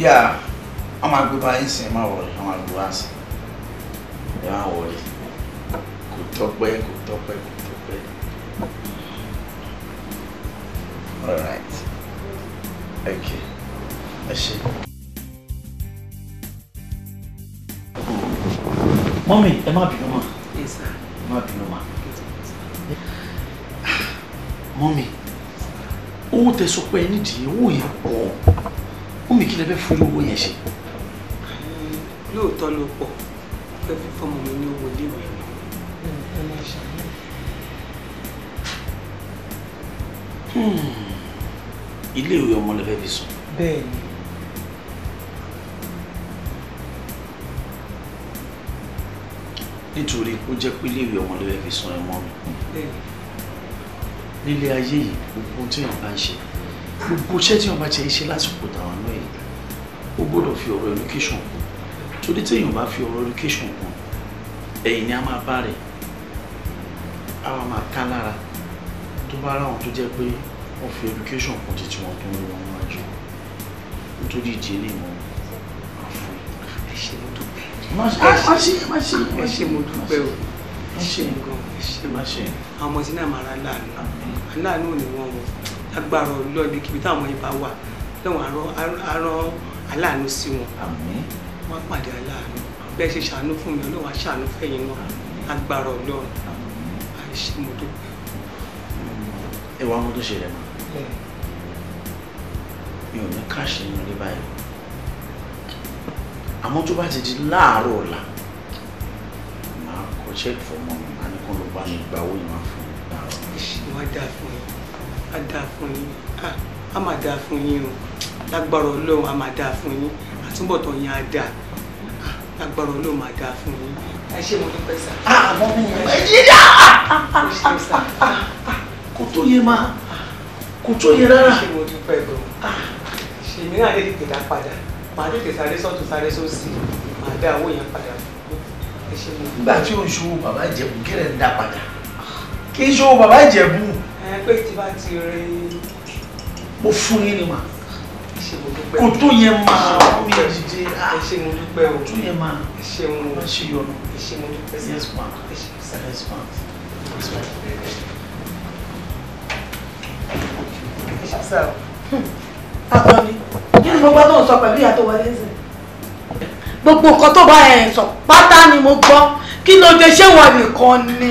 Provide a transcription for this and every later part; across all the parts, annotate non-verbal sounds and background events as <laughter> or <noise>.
yeah wọn máa gbé bá yín sìn máa wọlé wọn máa gbé wá sìn ẹ máa wọlé kò tọ́pẹ́ kò tọ́pẹ́ kò tọ́pẹ́ all right okay ẹ ṣe. mọ́mí ẹ má bínú mà ẹ má bínú mà mọ́mí owó tẹ sọ pé ẹ nídìí owó fẹ́ fowó owó yẹn ṣe. lóòótọ́ ló pọ̀ fẹ́ fi fọ́mọ mi ní owó iléèwé. iléèwé ọmọ lè hmm. fẹ́ fi sùn. bẹ́ẹ̀ni. nítorí ó jẹ́ pé iléèwé ọmọ lè fẹ́ fi sùn ẹ̀wọ̀n mi. bẹ́ẹ̀ni nílé ayé yìí gbogbo tí wọn bá ń ṣe gbogbo iṣẹ́ tí wọn bá ti ṣe lásìkò náà fi ọ̀rọ̀ education kún torí téèyàn bá fi ọ̀rọ̀ education kún ẹ̀yìn ni a máa bá rẹ̀ a wá máa ká lára tó bá ráwọn tó jẹ́ pé wọ́n fi education kún títí wọn tó ń lo wọn wájú nítorí ìdí eléyìí wọn àfọ. ẹ ṣe mo dúpẹ́. má ṣe má ṣe má ṣe mo dúpẹ́ o má ṣe nǹkan ẹ ṣe má ṣe. àwọn ọmọ tí náà máa ra láàánú láàánú ò ní wọ́n wọ́n lágbára ọlọ́ọ̀bì kíbi táwọn ibà wà lọ́wọ́n arán aláàánú sí wọn wọn pàdé aláàánú bẹ́ẹ̀ ṣe ṣàánú fún mi ọlọ́wà ṣàánú fẹ̀yìn náà agbára ọlọ́run àìṣe mo dúpẹ́. ẹ wá mú tó ṣe rẹ mọ mi ò ní káàṣì nínú ilé báyìí àmọ́ tó bá ti di láàárọ̀ ọ̀la màá kọ ṣẹ́ẹ̀kì fọmọ mi màá ní kó ló bá mi gba owó yìí fún mi láàárọ̀. ìṣèwádà fún yín á dáa fún yín á má dáa fún yín o lágbára ọlọ́run a máa dáa fún yín àtúbọ̀tán yín á dáa lágbára ọlọ́run máa dáa fún yín. ẹ ṣe mo dúpẹ́ sá. Ah, àmọ́ mi ò ẹ yí dá. Ah, ah, kò tó yẹ máa kò tó yẹ rárá. ṣe mo dúpẹ́ gan-an ṣe mí náà lè tètè dá padà màá tètè sáré sọ́tún sáré sósì màá dá owó yẹn padà ẹ ṣe nígbà tí o ṣòwò bàbá ìjẹ̀bù kí ń dá padà kí n ṣòwò bàbá ìjẹ̀bù. ẹ pé tí bá ti rí. mo fún yín ni màá kò tó yẹn máa mi ò dìde kò tó yẹn máa ẹ ṣe yọnu yes ma yes ma. Àtọ̀ni, hmm. kí ni mo gbọ́ tó ń sọ pẹ̀lú ìyá tó wọlé ń sìn? Gbogbo nǹkan tó bá ẹ̀ sọ pátá ni mo gbọ́. Kí ló dé ṣé wọ nìkan ni?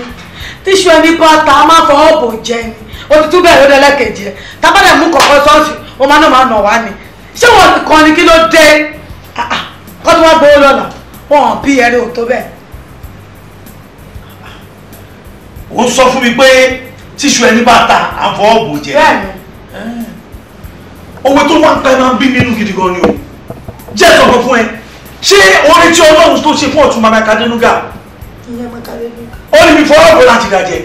Tíṣu ẹni bá ta, a máa fọwọ́ bò jẹ ni. Ó ti tún bẹ̀rẹ̀ lọ́dọ̀ ẹlẹ́kẹ̀jẹ. Tábàdàn mú kọ̀ọ̀kan sọ́ọ̀sì o máa náà máa nà wá ni ṣé wọn nìkan ni kí ló dé ah, ah, kọ́ tó wá gbowó lọ́la wọn hàn bí ẹni ò tó bẹ́ẹ̀. ó sọ fún mi pé tíṣu ẹni bá ta àfọ ọ̀bù jẹ eh. owó tó wà ń pẹ́ máa ń gidi gan ni o jẹ́ ìtọ́kọ̀ fún e ṣé orin tí ọlọ́run tó ṣe fún ọ̀tún mama kadenuga ó ní mi fọwọ́ bọ̀ láti dàjẹ́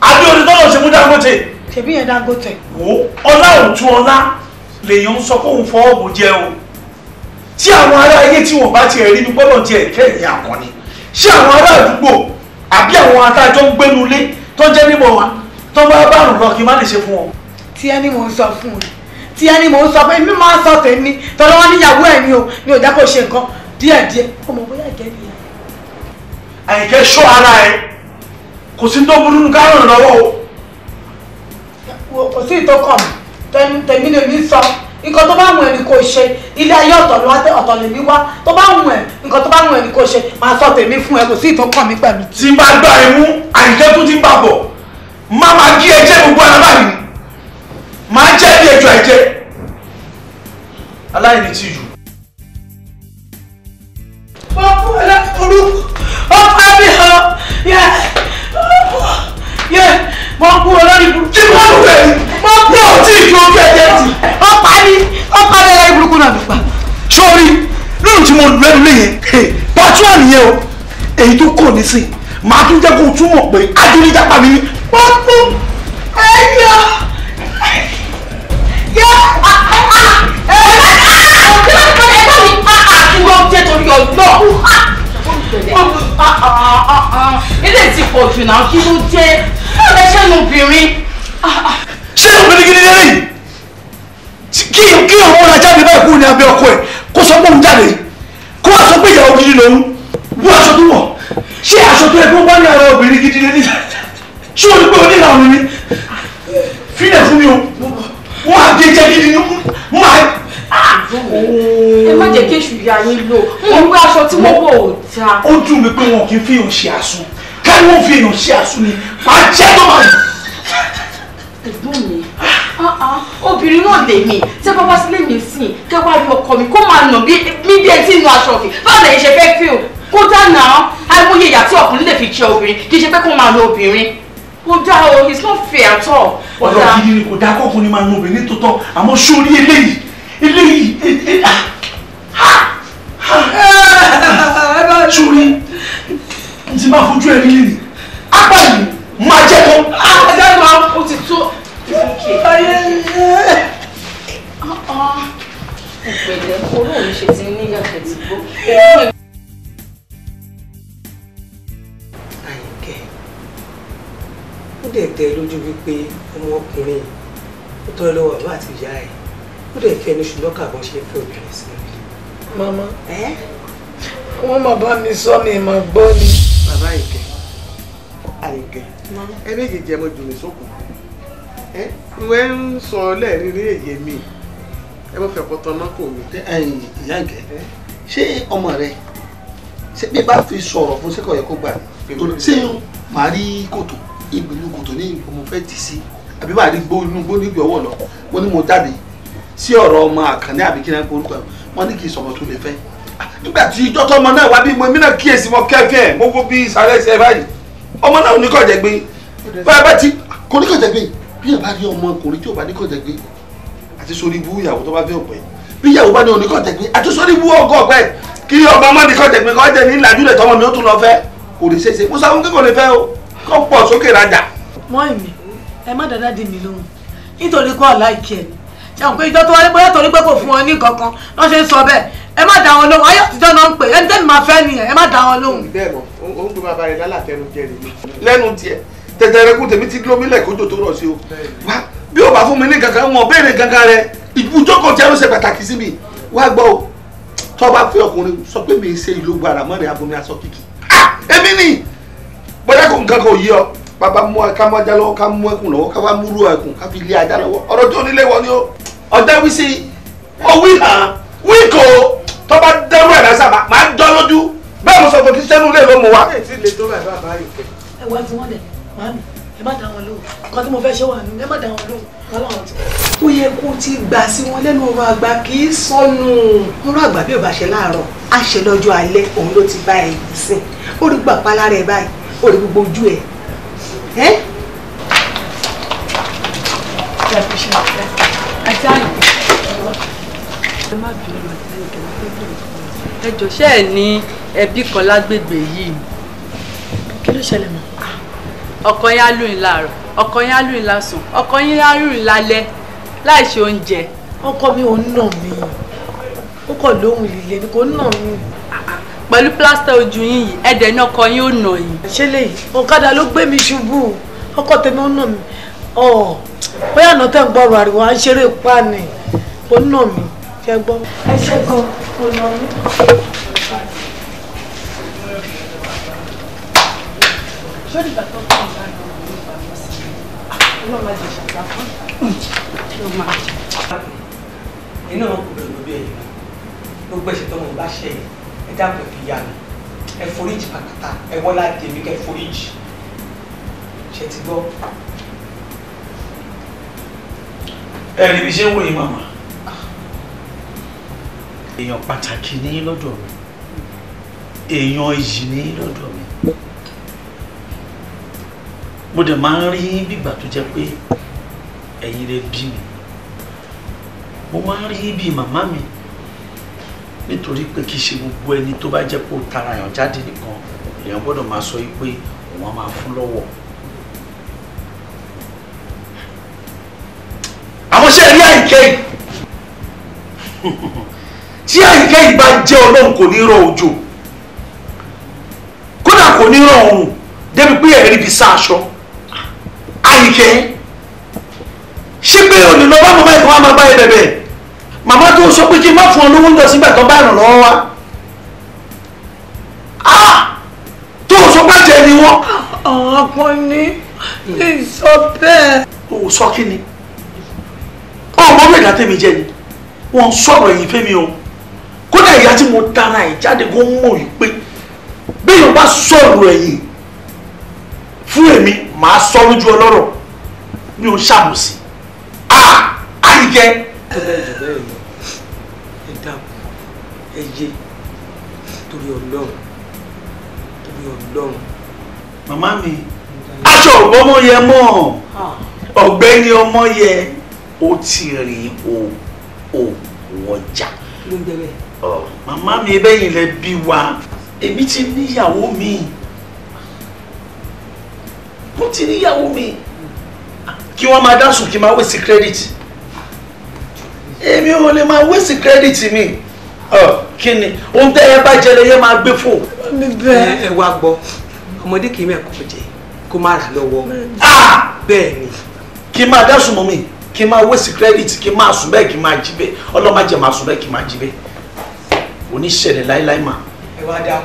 àbí orin tọ́lọ̀ ṣe mú Dangote ṣebí yẹn Dangote. wo ọlá òtún ọlá lèèyàn ń sọ fóun fọwọ́bù jẹ o tí àwọn ará ayé tí wọn bá tiẹ̀ rí ní gbọ́dọ̀ tiẹ̀ kẹ́yìn àkànni ṣé àwọn ará àdúgbò àbí àwọn adájọ́ ń gbénu lé tó jẹ́ nímọ̀ wa tó bá bá àrùn lọ kí n má lè ṣe fún wọn. tí ẹni mò ń sọ fún un tí ẹni mò ń sọ pé mi máa ń sọ tèmi tọ́lọ́ wọn níyàwó ẹ̀ ni o mi ò já ṣe nǹkan díẹ̀díẹ̀ ọmọ bóyá ìkẹ́ nìyẹn. àyìnkẹ́ ṣọ́ ara ẹ kò sí tó burú ká ràn lọ́wọ́ o kò sí ìtókàn mi tèmi lèmi sọ nǹkan tó bá wù ẹ́ ni kò ṣe ilé ayé ọ̀tọ̀ ló ọ̀tọ̀ lèmi wá tó bá wù ẹ́ nǹkan tó bá wù ẹ́ ni kò ṣe máa sọ tèmi fún ẹ kò sí ìtókàn mi pẹ̀lú. tí n bá gbà ẹ mú àìjẹ́ tó ti ń bà bọ̀ máa máa gé ẹ̀jẹ̀ gbogbo ara báyìí máa jẹ́ bí ẹjọ́ ẹ̀jẹ̀ aláìní ti yù. ọkọ ẹ ọkọ mi hàn yẹ ọkọ yẹ mo kú olórí burúkú. kí wọ́n lù ẹ́ mo kú ọtí ìjọ ojú ẹ̀jẹ̀ tì. ọ̀pá ni ọ̀pá ni ẹ̀rọ burúkú náà ló pa. sórí lóòrùn tí mo lù ẹ́ lóye pàtó àníyẹ o èyí tó kọ̀ ní sìn màá tún jẹ́ kó o túmọ̀ pé adúlíjàpá mi ni. mo kú ẹ̀yà yẹ ilé ti pọ̀ jù náà kí ló jẹ́ báwo lẹ ṣe ń obìnrin. ṣé obìnrin gidi lè rí kí kí òun ra jáde báyìí kúrò ní abẹ́ ọkọ ẹ̀ kó sọ pé òun jáde kó wá sọ pé ìyàwó gidi lòun wọ aṣọ tó wọ̀ ṣé aṣọ tó yẹ kó bá ní ara obìnrin gidi lè rí ṣé o ní pé onílànà ni fílẹ̀ fún mi o wọ́n á gé jẹ́ gidi ni mo máa ẹ má jẹ́ kéṣù ìyá yín lò mo gbé aṣọ tí mo pé wọn kì í fi hàn ṣe àsun káwọn fi èèyàn ṣe àsúnni máa jẹ́ tó máa yìí. ẹ̀gbọ́n mi ah, ah, obìnrin náà lèmi tẹ́ bá wá sílé mi sìn kẹ́ wá rí ọkọ mi kó máa nà bí mi bí etí inú aṣọ òfì báwo lẹ̀yin ṣe fẹ́ fi o kódà náà àìmọye ìyà tí ọkùnrin lè fi jẹ obìnrin kì í ṣe pé kó máa nà obìnrin kódà o it's not fair at all. ọ̀dọ̀ gidi ni kò dáa kọ́kùnrin máa nà obìnrin tó tọ́ àmọ́ sórí eléyìí eléyìí e, e, ah, sórí. <laughs> n ti máa fojú ẹni lè apá yìí máa jẹ́ ah, kan. ajá máa ó ti tó ìfúnkẹ́. ìpèlè oró mi ṣe ti ní yàtọ̀ tí gbó. àyìnkẹ́ ó dẹ̀ tẹ́ lójú wípé ọmọkùnrin ó tọ́ lọ́wọ́ àbá àti ìyá ẹ̀ ó dẹ̀ fẹ́ ní ṣùgbọ́n kàbọ̀n ṣe fẹ́ obìnrin sí i. mama wọ́n máa bá mi sọ mi máa gbọ́ ni bàbá àyìnkẹ́ àyìnkẹ́ ẹ méjì jẹ mo jù mí sókun ẹ wẹ́ ń sọ lẹ́ẹ̀rin ní èyí mi ẹ mo fẹ́ pọtọ náà kò mí. ìyá ìkẹ́ ṣé ọmọ rẹ ṣé bí bá fi sọ̀rọ̀ fún ṣé kò yẹ kó gbà ṣé màá rí kòtò ìgbìlú kòtò ní ìgbìmọ̀ fẹ́ tì sí àbí màá rí gbó inú gbó níbi ọwọ́ lọ mo ní mo jáde sí ọ̀rọ̀ ọmọ àkànní àbí kí n á gbórúkọ ẹ̀ wọ́n kì í sọ̀rọ̀ tó lè fẹ́ nígbà tí ijọ́ tó ọmọ náà wá bí mo mí náà kíyèsí mo kẹ́fẹ́ ẹ̀ mo wo bí sàrẹ́ ẹsẹ̀ báyìí ọmọ náà oníkọ̀jẹ̀ gbé báyìí bá ti kò oníkọ̀jẹ̀ gbé bí ẹ̀ bá rí ọmọ kò rí tí ò bá oníkọ̀jẹ̀ gbé àti sórí ibú ìyàwó tó bá fẹ́ ọ̀pẹ́ bí ìyàwó bá ní oníkọ̀jẹ̀ gbé àti sórí ibú ọgọ́ ọ̀pẹ́ kí ọba ọmọ oníkọ̀jẹ̀ gbé kọ́ jẹ́ ní ìlàjúlẹ̀ tọmọ mi ó tún lọ fẹ́ kò lè ṣeéṣe mo sáwọn kékeré lè fẹ́ o kọ́ pọ̀ sókè rajà. mọ́ ìmì ẹ má dáadáa dì mí lóhùn nítorí kọ́ ọ̀la ìkẹ́ni ẹ̀hún pé ìjọ tó wáyé bóyá torí pé kò fún ọ ní kankan wọ́n ṣe ń sọ bẹ́ẹ̀ ẹ má dá wọn lóhùn ayé àtijọ́ náà ń pè ẹni tẹ́ni máa fẹ́ nìyẹn ẹ má dá wọn lóhùn. bẹ́ẹ̀ mọ̀ ó ń gbé bàbá rẹ̀ lálàtẹ̀nu jẹ́ rẹ̀ lẹ́nu tiẹ̀ tẹ̀tẹ̀rẹ̀kù tèmi ti dúró mílẹ̀ kójò tó rọ̀ sí o wá bí o bá fún mi ní gangan wọn béèrè gangan rẹ ìbújókòó tí a ló ṣe pàtàkì sí mi wá gbọ́ o tó bá fẹ́ ọkùnrin sọ pé mi ṣe ìlú gbàrà mọ́rin abomi aṣọ kìkì ah èmi ni bọ́dá kò nǹkan kan ò yí ọ bàbá mú ká mú ajá lọ́wọ́ ká mú ẹkùn lọ́wọ́ ká bá múrú ẹkùn ká fi lé ajá lọ́wọ́ ọ̀rọ̀ tí onílé wọ ni ó ọ̀dẹ́ wí sí ó wí hàn wí kò tó bá dẹ́rù ẹ̀ lásà máa dán lójú bẹ́ẹ̀ mo sọ fún kristianu lè ló mu wa. ó yẹ kó ti gbà sí wọn lẹ́nu ọ̀rọ̀ àgbà kì í sọnù. ọ̀rọ̀ àgbà bí ò ṣe láàárọ̀ á ṣe lọ́jọ́ òun ló ti bá ẹ sìn ó rí gbàpá lára ẹ báyìí ó rí gbogbo ojú ẹ Eh? ẹ jọ̀ọ́ ṣé ẹ ní ẹbí kan lágbègbè yìí. kí ló ṣẹlẹ̀ mọ́. ọkọ yín á lù yín láàárọ̀ ọkọ yín á lù yín lásùn ọkọ yín á lù yín lálẹ́ láì ṣe oúnjẹ. ọkọ mi ò ń nà mí ó kọ lóhùn líle ni kò ń nà mí pẹ̀lú plaster ojú yín yìí ẹ̀dẹ̀ ní ọkọ yín ó nà yín. ṣé lèyí ọ̀kadà ló gbé mi ṣubú ọkọ tèmi ó nà mí ọ bóyá àná tẹ̀ ń gbọ́ ọ̀rọ̀ àríwá ń ṣeré ìpáàní ó nà mí fẹ́ gbọ́. ẹ ṣe gan mo nà mí. ṣé ìgbà tó kọ́ ọ̀gá ni ọ̀gá o máa jẹ. inú ọkùnrin ló bí ẹ̀yìn ló gbẹ̀ṣẹ̀ tó mọ̀ bá ṣẹ̀yìn dàgbẹ̀ fi yà mí ẹ foríjì pàtàkà ẹ wọ́lá tèmi kẹ foríjì ṣe ti gbọ́. ẹ rí bí ṣe ń wòye màmá èèyàn pàtàkì ní lọ́dọ̀ mi èèyàn iyì ní lọ́dọ̀ mi mo dẹ̀ máa ń rí bígbà tó jẹ́ pé ẹ̀yin lè bí mi mo máa ń rí bí màmá mi nítorí pé kì í ṣe gbogbo ẹni tó bá jẹ́ kó tara èèyàn jáde nìkan èèyàn gbọ́dọ̀ máa sọ pé òun á máa fún lọ́wọ́. àwọn ṣe rí àyíkẹ́ yìí tí àyíkẹ́ yìí bá jẹ́ ọlọ́run kò ní rọ òjò kódà kò ní rọ òun débi pé ẹ̀rí fi sá aṣọ àyíkẹ́ ṣé pé olùlọ́wọ́ màmá ẹ̀kọ́ á máa bá ẹ bẹ̀bẹ̀ màmá tó sọ pé kí n má fún ọ lówó ń lọ sígbà tó bá ràn lọ́wọ́ wa ah! tó sọ pé jẹ ni wọ́n. ọ̀pọ̀ ni lè sọ bẹ́ẹ̀. o ò sọ kí ni ọmọ mi ìdá tèmi jẹ ni wọ́n ń sọ̀rọ̀ ẹ̀yìn fẹ́mi o kódà ìyá tí mo tara ẹ̀ jáde kó mọ̀ yìí pé bẹ́ẹ̀ yóò bá sọ̀rọ̀ ẹ̀yìn fún èmi màá sọ lójú ọlọ́rọ̀ mi ò ṣàmùsí. a ah! àyíkẹ́ ẹ yé torí ọlọ́run torí ọlọ́run. màmá mi aṣọ ògbómọ yẹ mọ ọ̀gbẹ́ni ọmọ yẹ ó ti rìn o ò wọjà. ló ń bẹ̀rẹ̀. màmá mi bẹ́yìn lẹ bí wa èmi ti níyàwó mi mo ti níyàwó mi kí wọ́n máa dá sùn kí n máa wẹ̀sì kírẹ́dìtì èmi ò lè máa wẹ̀sì kírẹ́dìtì mi kí ni ohun tẹ́ ẹ bá jẹ lẹ́yẹ máa gbé fò. ẹ wá gbọ́ ọmọdé kì í mẹ́kọ̀ọ́ jẹ kó má rà lọ́wọ́ bẹ́ẹ̀ ni. kí n máa dá sùn mọ́ mi kí n máa wéṣì kírẹ́dìtì kí n máa sùn bẹ́ẹ̀ kí n máa jí bẹ́ẹ̀ ọlọ́mọ jẹ máa sùn bẹ́ẹ̀ kí n máa jí bẹ́ẹ̀ oníṣẹ̀lẹ̀ láíláí mà. ẹ wá dá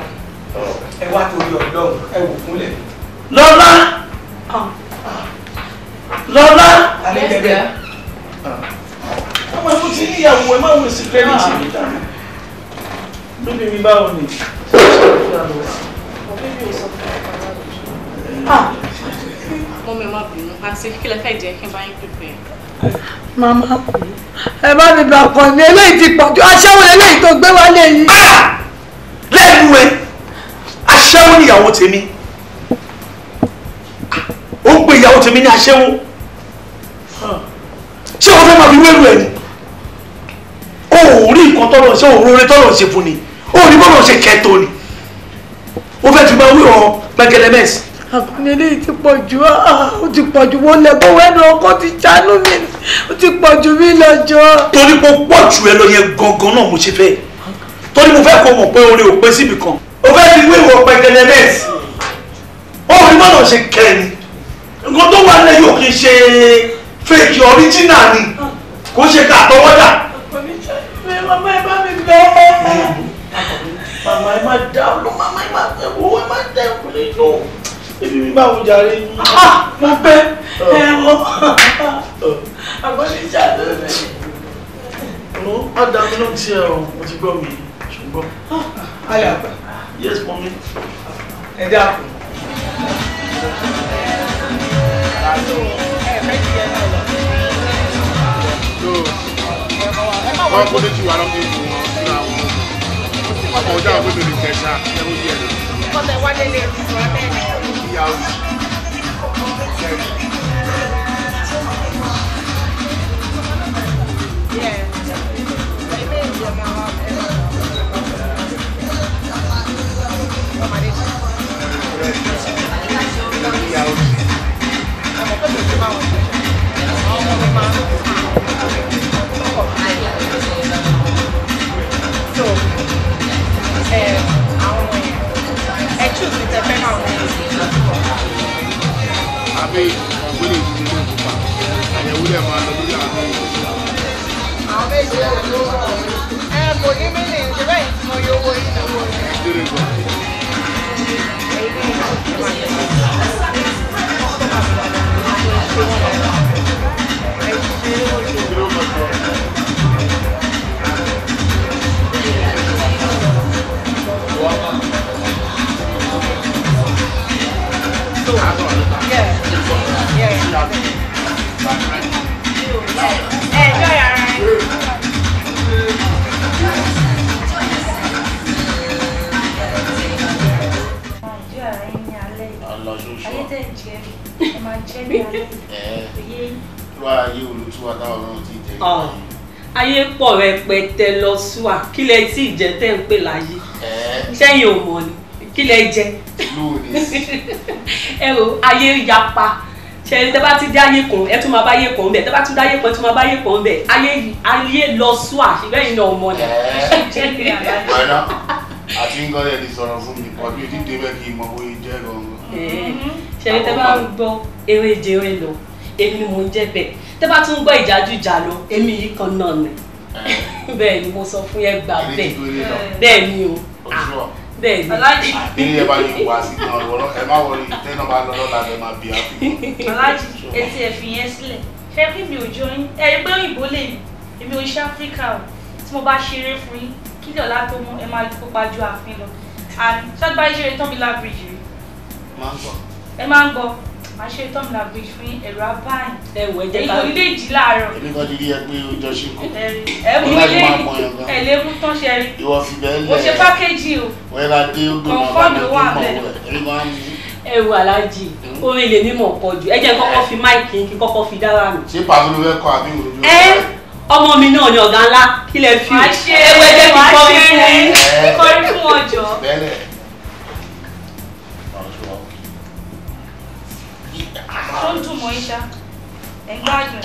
ẹ wá torí ọlọ́run ẹ wò fúnlẹ̀. lọ́lá ah. lọ́lá. alẹ́ bẹ̀rẹ̀. Ah. ọmọ ìfún ti níyàwó ẹ má wéṣì kírẹ́dìtì mi dáná bíbí mi báwo ni. mo mi ma bínú àti kí lè fẹ́ jẹ́ kí n bá yín pípẹ́. màmá ẹ bá mi bá ọkọ ní eléyìí ti pọ̀ jù aṣẹ́wó eléyìí tó gbé wálé yìí. Ah! lẹ́nu ẹ aṣẹ́wó é o ó ń pe ìyàwó tèmi ní aṣẹ́wó ah. ṣé o fẹ́ máa fi wéru ẹ̀ ni o ò rí nǹkan tọ́lọ̀ o ò rọrẹ tọ́lọ̀ ṣe fún ó ní bọ́lá ṣe kẹtọ ni ó fẹ́ fi máa wí ọ mẹgẹlẹmẹsì. àkùnrin eléyìí ti pọ̀ jù ah, ah, ó ti pọ̀ jù wọ́n lẹ̀ kó wẹ́nu ọkọ ti jánu mi ó ti pọ̀ jù mí lọ́jọ́. torí mo pọ̀ jù ẹ lọ yẹn gangan náà mo ṣe fẹ́ torí mo fẹ́ kó mọ̀ pé orin ò pé síbi kan ó fẹ́ fi wí ìwọ mẹgẹlẹmẹsì ó ní bọ́lá ṣe kẹ ni nǹkan tó wà lẹ́yìn ò kì í ṣe fake original ni kò ṣe kà àtọwọ́dà. ọ̀pọ̀ mi ṣe é mama ẹ bá mi bẹ́ẹ̀ màmá oh, ah, ah, ẹ má <laughs> dá lọ màmá ẹ má fẹ́ wo ẹ má dá ẹkún nínú ebi mi báwo jàre yín. mo pẹ́ ẹ wọ àgbọ̀dé jáde rẹ̀. ọ̀nà ádámù náà ti ẹ̀ ọ́ mo ti gbọ́ mi ṣùgbọ́n. Ah, ayé àgbà. yes mọ́mí. ẹ dákun. Wọ́n kó lójú wa lọ́kùnrin wọn síra wọn. ọjà àgbẹ̀dọ̀ ní kẹta ẹ̀rọ yẹ ẹ̀rọ. ọbẹ̀ wálé lè rí ìwà bẹ́ẹ̀. ìyá òsì sẹ́yìn. Thank you. àwọn ẹ̀ choose with ẹ̀fẹ́ náà wọ́n yẹn. àbí ọ̀gbẹ́lẹ̀ ìdílé náà kò pa àyẹ̀wò rẹ̀ máa lọ lórí àwọn ọmọ ìṣòro. àwọn méjì lè lo ẹ kò ní mílì ní bẹ́ẹ̀ Thank you. Ah, ayé pọ̀ rẹpẹtẹ lọ sùn à kí lẹ tí ìjẹ́ tẹ́ ń pè láyé sẹ́yìn ò mọ̀ ni kí lẹ jẹ. <laughs> ẹ o ayé yapa ṣe tẹ bá ti dé ayé kan ẹ tún máa bá ayé kan bẹ tẹ bá tún dé ayé kan tún máa bá ayé kan bẹ ayé ayé lọ sún àṣìbẹ́ yìí náà mọ̀ ni. ọ̀rẹ́dá <laughs> àti ń gọ́lẹ̀ ti sọ̀rọ̀ fún mi ọdún yìí dídé bẹ́ẹ̀ kí n mọ bóyá jẹ́ gan-an. ṣe tẹ bá ń gbọ́ eré jẹrẹ lọ èmi mò ń jẹ bẹ́ẹ̀ tẹ bá tún gbọ́ ìjájú jà lọ èmi yìí kan náà ni <laughs> bẹ́ẹ̀ ni mo sọ fún ẹ gbà bẹ́ẹ̀ bẹ́ẹ̀ ni o sure. Ah, bẹ́ẹ̀ni Ọlájì àdéhùn ah, ẹ bá yẹ wá sí náà lọ́wọ́ ẹ má wọlé tẹ́nà bá lọ lọ́la ẹ má bí àfi. Ọlájì etí ẹ fi yẹn sílẹ̀ ṣé kí mi ò jọ yín ẹ gbé òyìnbó lè mi èmi ò ṣe áfíríkà o tí mo bá ṣeré fún yín kí lè ọlá tó mú ẹ máa kópa ju ààfin lọ àní ṣọgbà ìṣeré tán ẹ máa ń gbọ́ máa ṣe tọ́mù language fún ẹ̀rọ abáyìn. ẹ wọ ẹ jẹ ká èyí kò ní lè jí láàárọ̀. èmi kan dirí ẹ pé o jọ ṣe kọ. ẹ mú ilé ẹ lè mú tán ṣe rí. ìwọ fi ṣe pákéjì o. wọ́n yẹra dé ó gbọ́dọ̀ bá mi kó mọ̀ wẹ̀ èmi máa ń mú. ẹ wo aláàjì hmm? orin lèmi mọ̀ pọ̀ jù ẹ ọmọ mi náà ni ọ̀gá ńlá kí lẹ fi ẹwẹ́ jẹ́ kí kọrin fún ọjọ́. tó ń dùn mọ́ ìṣá ẹ gbádùn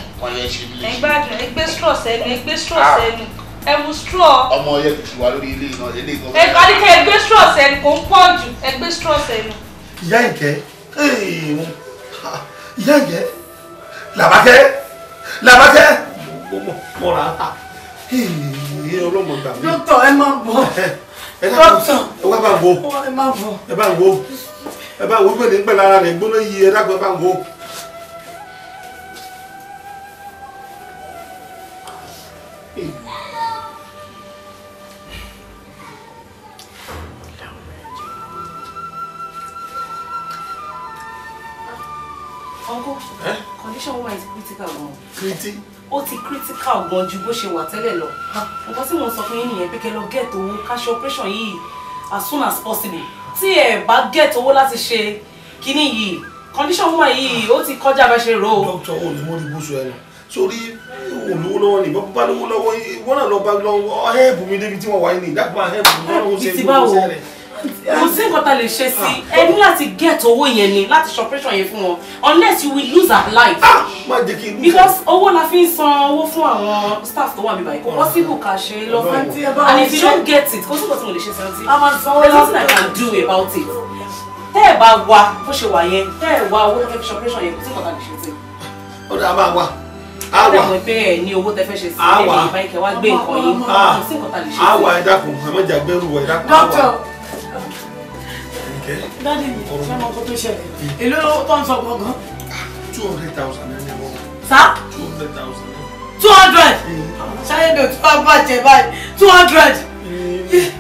ẹ gbádùn ẹ gbé straw sẹ́nu ẹ gbé straw ah. sẹ́nu ẹ mú straw. ọmọ yẹ kò wá lórí ilé iná ilé iná. ẹ kọ́ ni kẹ́ ẹ gbé straw sẹ́nu kò ń pọ̀ jù ẹ gbé straw sẹ́nu. ìyá ìkẹ́ ìyá ìkẹ́ làbákẹ́ làbákẹ́. mo mọ̀ra ọlọ́mọ gbà mí. dókítà ẹ máa bọ̀ dókítà ẹ bá wo ẹ bá wo ẹ bá wo gbẹ̀dẹ̀ ń pẹ̀ lára rẹ̀ gbóná yìí ẹ dákun ẹ bá wo. Uncle, eh? condition wa is critical gan. Criti? Ó ti critical gan ju bó ṣe wà tẹ́lẹ̀ lọ. Nǹkan tí mo sọ fún yín nìyẹn pé kẹ́ lọ get owó cash operation yìí as soon as possible. Tí ẹ bá get owó láti ṣe kíní yìí, condition wa yìí ó ti kọjá bá ṣe rò. Dókítà ò ní mú ní bùsùn ẹ̀ lọ. olówó lọ́wọ́ ni ìbọn bá lówó lọ́wọ́ ìwọ náà lọ bá lọ́wọ́ ẹ̀ẹ́bù mi débi tí wọ́n wà ní ìdákùnmá ẹ̀ẹ́bù mi lọ́wọ́ ṣe é lọ́wọ́ ṣẹlẹ̀ nǹkan ta ṣe sí ah. ẹ ní láti get owó yẹn ni láti ṣọpẹ́ṣọ̀ yẹn fún wọn unless you will lose her life. Ah! because owó la fi ń san owó fún àwọn staff tó wà níbàyí kò ah. possible ká ṣe lọ fún and if you don't get it kò sí nǹkan tí mo lè ṣe sí ọtí there's nothing I can do about it tẹ́ ẹ̀ bá wa bó ṣe wà yẹn tẹ́ ẹ̀ wá owó tó fẹ́ fi ṣọpẹ́ṣọ̀ yẹn kò sí nǹkan ta lè ṣe sí. ó dà máa wà àwa àwa àwa àwa ẹ dákun ẹ má jà gbẹrù ẹ dákun àwa dáàdì mi ṣé mo kó tó ṣẹlẹ̀ èló tó ń sọ gbọ̀ngàn. Ah, two hundred thousand naira. sá. two hundred thousand naira. two hundred. Eh. ṣáyé mi ò tún wá bàjẹ́ báyìí two hundred. Eh.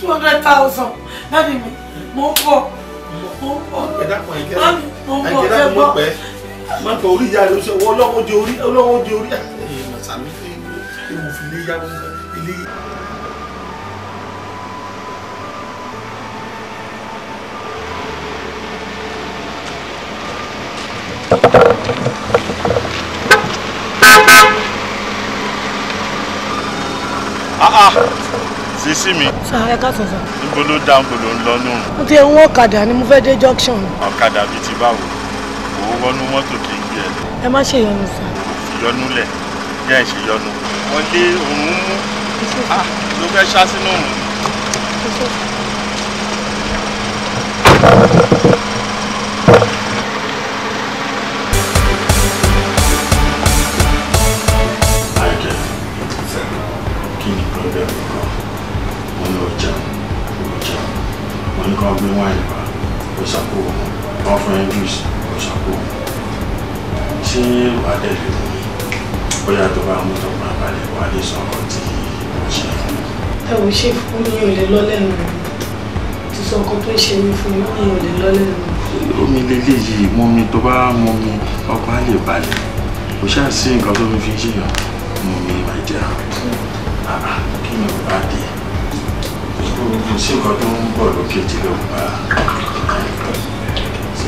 two hundred thousand dáàdì mi mo ń bọ̀ mo ń bọ̀ mo ń bọ̀ ṣe gbọ́. má tọ orí ìyá rẹ ṣe wọ́n lọ́wọ́ di orí ọlọ́wọ́ di orí. ẹ̀yin eh, màsàmí ilé ìyá ilé. Ah, ah. sísí mi. sà ẹ ká sọ̀sọ̀. níbo ló dá níbo ló ń lọ nù. mo ti ń wọ́n ọ̀kadà ni mo fẹ́ dé junction. ọ̀kadà bíi ti báwo òun wọnú mọ́tò kì í gbé ẹ. ẹ má ṣe yọnu sà. yọnu lẹ jẹ́ ìṣe yọnu. wọlé òun mú ah, ló fẹ́ ṣá sínú òun. Thank you. ṣàpò wọn fún english kò ṣàpò ṣé wà á dẹ̀lẹ̀ mú mi bóyá tó bá mú tó máa balẹ̀ wà á lè sọ ọkọ tí wọ́n ṣe fún mi. ẹ ò ṣe fún mi ò lè lọ lẹ́nu ti sọ ọkọ tó ń ṣe mí fún mi ò lè lọ lẹ́nu. omi lélẹ̀ yìí mú mi tó bá mú mi ọkọ á lè balẹ̀ kò ṣáà sí nǹkan tó mi fi ń ṣèyàn mú mi máa jẹ́ kí ni ò bá dé kò sí nǹkan tó ń bọ̀ lókè tí ló ń bá a.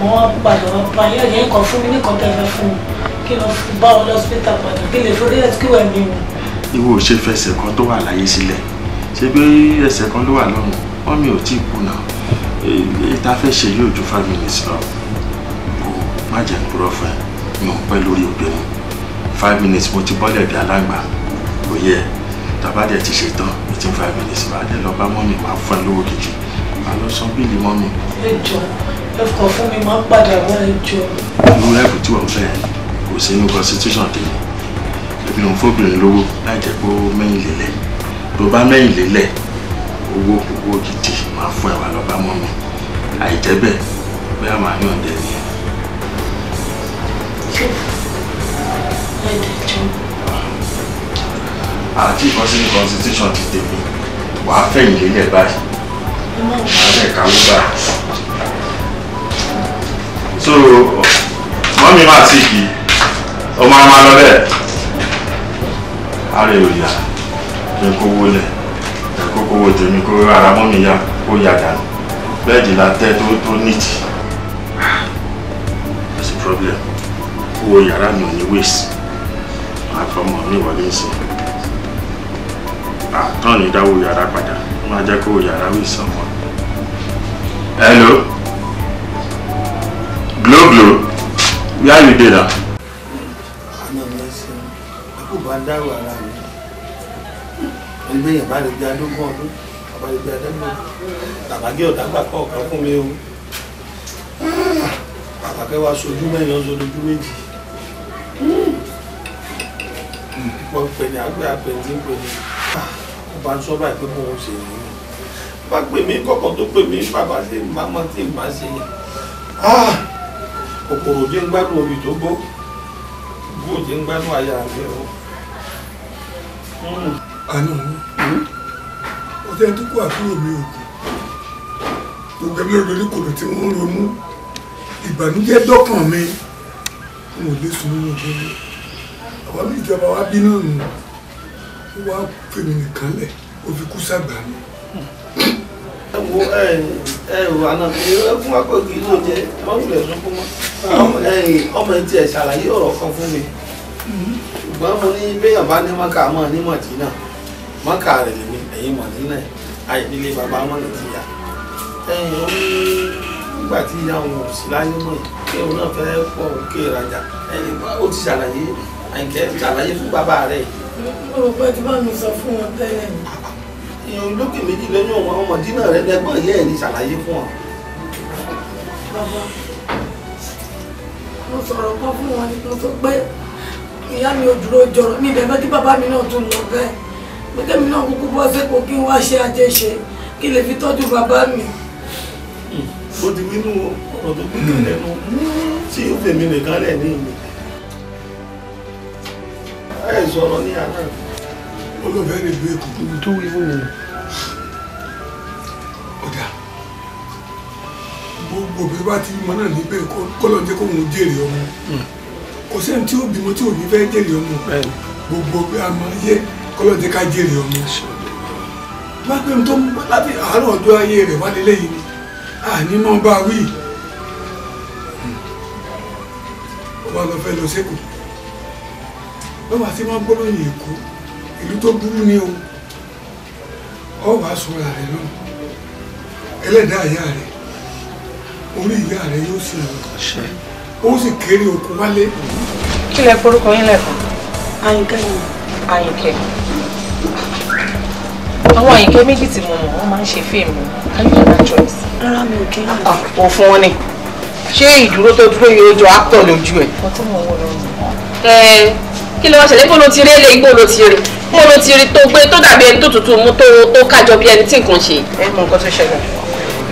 mo wá padà wá pa yóò yẹ nǹkan fún mi nǹkan tẹ́ fẹ́ fún mi kí lọ bá wọn lọ́sítà padà kí lè forí ẹ̀sìn kí wẹ̀ mí mu. ìwọ ò ṣe fẹsẹ̀ kan tó wà láyé sílẹ̀ ṣé pé ẹsẹ̀ kan ló wà lọ́rùn wọ́n mi ò tí ì kùnà ìta fẹ́ ṣe yóò ju five minutes lọ kò má jẹ́ ń purọ́ fún ẹ mi ò pẹ́ lórí obìnrin five minutes mo ti bọ́lẹ̀ bí alágbà kò yẹ tàbá dẹ̀ ti ṣetán eighteen five minutes bá dẹ̀ lọ bá mọ́mì máa fún ẹ lówó gidi máa lọ san bíìlì mọ́mì. ẹ jọ̀ọ́ ẹkọ fún mi máa ń padà wá ẹjọ́. àwọn láìpẹ́ tí wọ́n fẹ́ kò sí inú constitution tèmi èmi ò ń fóbìnrin lówó láì jẹ́ pé ó mẹ́yìn lélẹ̀ tó bá mẹ́yìn lélẹ̀ owó owó gidi máa fún ẹwà lọ́ba mọ́ mi àìjẹ́ bẹ́ẹ̀ bẹ́ẹ̀ máa yàn dé ni. àti ìkan sínú constitution ti tèmi wàá fẹ̀yìn lélẹ̀ báyìí wàá fẹ̀ káwó báyìí. so mọ́mí máa sì kí ọmọ ọmọ lọ bẹ́ẹ̀ ààrẹ òyà jẹ́ kówó lẹ̀ jẹ́ kókówó tèmi kó ara mọ́mí yá kó dànù la tó níjì problem owó yàrá mi ò ní waste máa mi wọlé sí yàrá padà máa jẹ́ kó yàrá no glow where you dey na. àná mi ṣe ẹkú bá ń dárò ara mi ẹgbẹ́ ìbá lè gbé adógún ọdún bàbá lè gbé adógún tàbágé ọ̀dà gbà kọ́ ọ̀kan fún mi o bàbá kẹ́ wá sojú mẹ́rin ọ̀sọ̀ lójú méjì pọ̀ pẹ̀ ní àgbẹ̀ àpẹ̀ntì pẹ̀ ní bá ń sọ báyìí pé mo ń ṣe èyí bá pè mí kọ́kọ́ tó pè mí bàbá ṣe máa mọ́ tí màá ṣe yẹn. Ah! kòkòrò jẹ́ ń gbádùn omi tó gbó gbó jẹ́ ń gbádùn àyà rẹ̀ o. àná hmm. ọtí ẹni tó kó àbúrò mi ò kù gbogbo ẹbí lórí kòrò tí wọ́n ń ronú ìbànújẹ́ dọ́kàn mi n ò lè sùn nínú ìgbélé àwọn ìjọba wa bínú nù wọ́n á fèmí nìkan lẹ̀ ó kú sàgbà mi ẹ wo ẹ ẹ wò àná ẹ fún wa pé kì í ló jẹ má wulẹ̀ sunkún mọ́ ọmọ ẹ tiẹ̀ ṣàlàyé ọ̀rọ̀ kan fún mi ṣùgbọ́n mo ní bẹ́ẹ̀ bá ní mọ́kà mọ́ ní mọ̀tínà mọ́kà rẹ̀ lèmi ẹ̀yìn mọ̀tínà àìdílé bàbá wọn lè ti yà ẹ̀yìn ó ní nígbà tí ìyá òun ò sí láyé mọ́ yìí kí òun náà fẹ́ pọ̀ òkè ìrajà ẹ̀yìn ó ti ṣàlàyé àìkẹ́ ṣàlàyé fún bàbá rẹ̀. mo rò pé tí bá mi sọ fún wọn tẹ́lẹ̀ èèyàn olókè méjì lẹ́yìn ọmọ ọmọ dínà rẹ lẹ́gbọ́n ilé ẹ̀ ní ṣàlàyé fún ọ. bàbá mo sọ̀rọ̀ kan fún wọn ni mo sọ pé ìyá mi ò dúró jọrọ mi ìdẹ́gbẹ́ kí bàbá mi náà tún lọ bẹ́ẹ̀ pé kémi náà kúkú bọ́ sépò kí n wá ṣe àjẹṣe kí n lè fi tọ́jú bàbá mi. o ti nínú ọ̀rọ̀ tó gbé lẹ́nu tí ó fèmí nìkan lẹ̀ ní ìlú. ẹ sọ̀rọ̀ ní àná. All of any break. You don't even know. Ọ̀gá. Gbogbo bí bá ti mọ náà níbẹ̀ kọ́lọ̀ jẹ́ kó òun jèrè ọmọ. Kò sẹ́ni tí ó bímọ tí òbí fẹ́ jèrè ọmọ. Gbogbo bí a máa yẹ kọ́lọ̀ jẹ́ ká jèrè ọmọ. Lápẹ́ mi tó ń bá láti àárọ̀ ọjọ́ ayé rẹ̀ wá lélẹ̀ yìí ni. Àní mọ́ bá wí. Ọba lọ fẹ́ lọ sẹ́kù. Báwa ti máa gbọ́dọ̀ yìí kú ìlú tó burú ni o ọ wàá sọra rẹ lọ ẹlẹ́dàá ìyá rẹ orí ìyá rẹ yóò sì rẹ ó sì kéré okun wálé. kí lẹ forúkọ yín lẹ́kọ̀ọ́. àyìnkẹ́ ni. àyìnkẹ́ àwọn àyìnkẹ́ méjì tí mo mọ̀ wọ́n máa ń ṣe fíìmù ayọ̀lá joyce. rárá mi ò kí ń lọ. òfin ah, wọn ni ṣé ìdúró tó dúró yóò jọ actor lójú ẹ. ọtí mo wọ lọ kí ló wá ṣẹlẹ̀ ibo ti rí eléyìí ibo ti rí ibo ti rí tó gbé tó dàbí ẹni tó tutù mú tó tó kájọ bí ẹni tí nǹkan ṣe. ẹ mọ nǹkan tó ṣẹlẹ̀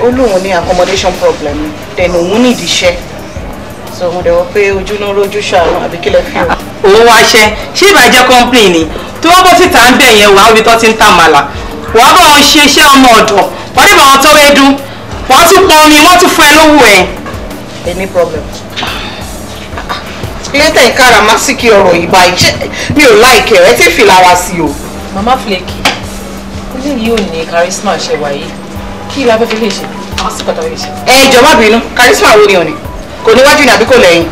ó lóun ní accommodation problem then òun ní ìdíṣẹ́ so mo dẹ̀ wọ pé ojú náà rojú ṣàánú àbí kí lẹ fi hàn. òun wá ṣẹ ṣé ìbàjẹ́ company ni tí wọ́n bọ́ síta ń bẹ̀ yẹn wà á rí tó ti ń tà màlà wà á bọ̀ wọn ṣe iṣẹ́ ọmọ ọ̀dọ̀ wọ́n dẹ̀ bọ̀ wọn tọ́wọ́ ẹdún wọ́n tún pọn omi wọ́n tún fún ẹ lówó ẹ. any problem ilé tẹ̀ ń kára másìkì ọ̀rọ̀ ìgbà ìṣe mi ò láìkẹ̀ ẹ tí fi lára sí o. mama flake ilé yìí ò ní charisma ṣe wáyé kí ilé afẹ́fẹ́ lè ṣe àsìkò àtàwọn èṣe. ẹ jọ̀ọ́ má bínú charisma wo ni ò ní kò níwájú ni àbí kò lẹ́yìn.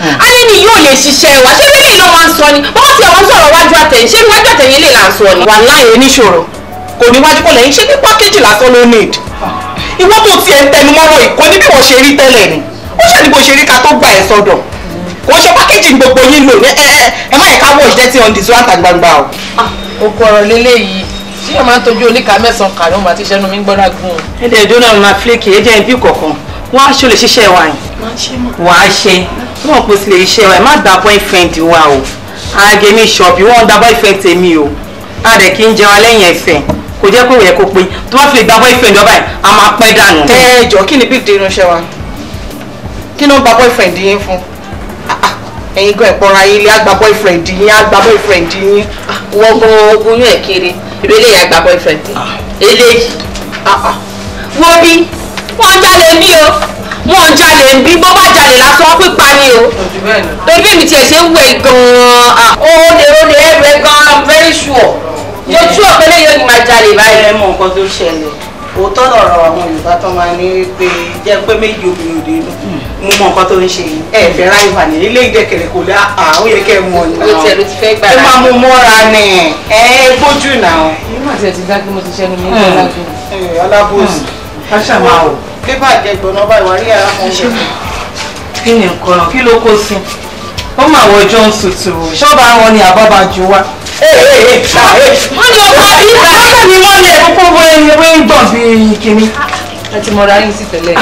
Hmm. alẹ́ ni yóò lè ṣiṣẹ́ wa ṣé bíbí ló máa ń sọ ni wọ́n ti àwọn sọ̀rọ̀ wájú àtẹ̀yìn ṣé iwájú àtẹ̀yìn lè là ń sọ ni. wàláhì oníṣòro kò níwájú kò lẹ́yìn ṣé ní pákéjì lásán ló need. ìwọ́n tó tiẹ̀ ń tẹnumọ́rọ̀ ìkọ́ni bí wọ́n ṣe rí tẹ́lẹ̀ ni ó ṣàdìbò ṣe rí ká tó gba ẹ̀ sọ́dọ̀ kò ń ṣe pákéjì gbogbo yín lò ní ẹ ẹ ẹ má ká wọ ìṣẹ́ tí on the surround o. òkú ah, ọ̀rọ̀ lélẹ́yìí tí yóò máa ń tọ́jú oníkà mẹ́sàn-án kàrí òun àti iṣẹ́ nu mi ń gbọ́dá gùn. ẹ dẹ̀ dúró náà máa fílẹ̀kì e, ẹ jẹ́ ibi kọ̀ọ̀kan wọ́n á ṣe olè ṣiṣẹ́ wa yìí. wàá ṣe wọ́n kò sì lè ṣiṣẹ́ wa ẹ̀ má da boyfriend wa o ààgẹ̀ mi ṣọ̀bì wọ́n da boyfriend tèmi o a dẹ̀ kí ń jẹun alẹ́yìn ẹ̀fẹ̀ kò jẹ́ kó yẹ kó pé tó bá fi lè gba boyfriend ọba yìí a máa pẹ́ dànù. ẹ jọ kí ni big day irunṣẹ́ wa kí ló ń gba boyfriend yín fún ẹ̀yin gan ẹ̀pọ̀ra yín lé àgbà boyfriend yín àgbà boyfriend yín. wọ́n gan ogun yún ẹ̀ kiri ìlú ah. eléyìí àgbà boyfriend eléyìí wo bí wọ́n jalè mí o wọ́n jalè ń bí bọ́ bá jalè lásán pípa ni o ebi mi tiẹ̀ ṣe ń wẹ̀ gan-an ah. ó lè ó lè ẹ̀rẹ̀ gan-an I'm very sure yóò tú ọ̀pẹ́lẹ́ yóò ní máa jalè báyìí. ẹ mọ nǹkan tó ṣẹlẹ̀ òótọ́ lọ̀rọ̀ àwọn Yorùbá tó máa ní pé jẹ́ pé méjì obìnrin òde inú hmm mo mọ nǹkan tó ń ṣe yìí ẹ fẹ́ ráyè wà ní ilé ìdẹkẹrẹ kò lè àwọn yẹ kẹ mọ ní. o tiẹ̀ ló ti fẹ́ gbà láàyè. ẹ máa mú mọ́ra ni ẹ gbójú náà. nígbà tí ẹ ti dákẹ́ mo ti ṣẹ́nu mi ní ọlájú. alábòsí hmm. káṣá máa wò. bébà jẹ gbọ̀nà bá ìwà rí ara kan rẹ̀. kí ni nǹkan kí ló kó sí ó mà wọ ọjọ́ ń tutù ṣọ́ọ̀bù àwọn ni àbábà jù wá. wọ́n ní ọba àbí ìgbà wọn lè kókó wọ́n ń gbọ̀n bíi kìnnì. a ti mọ̀ra yín sí tẹ́lẹ̀.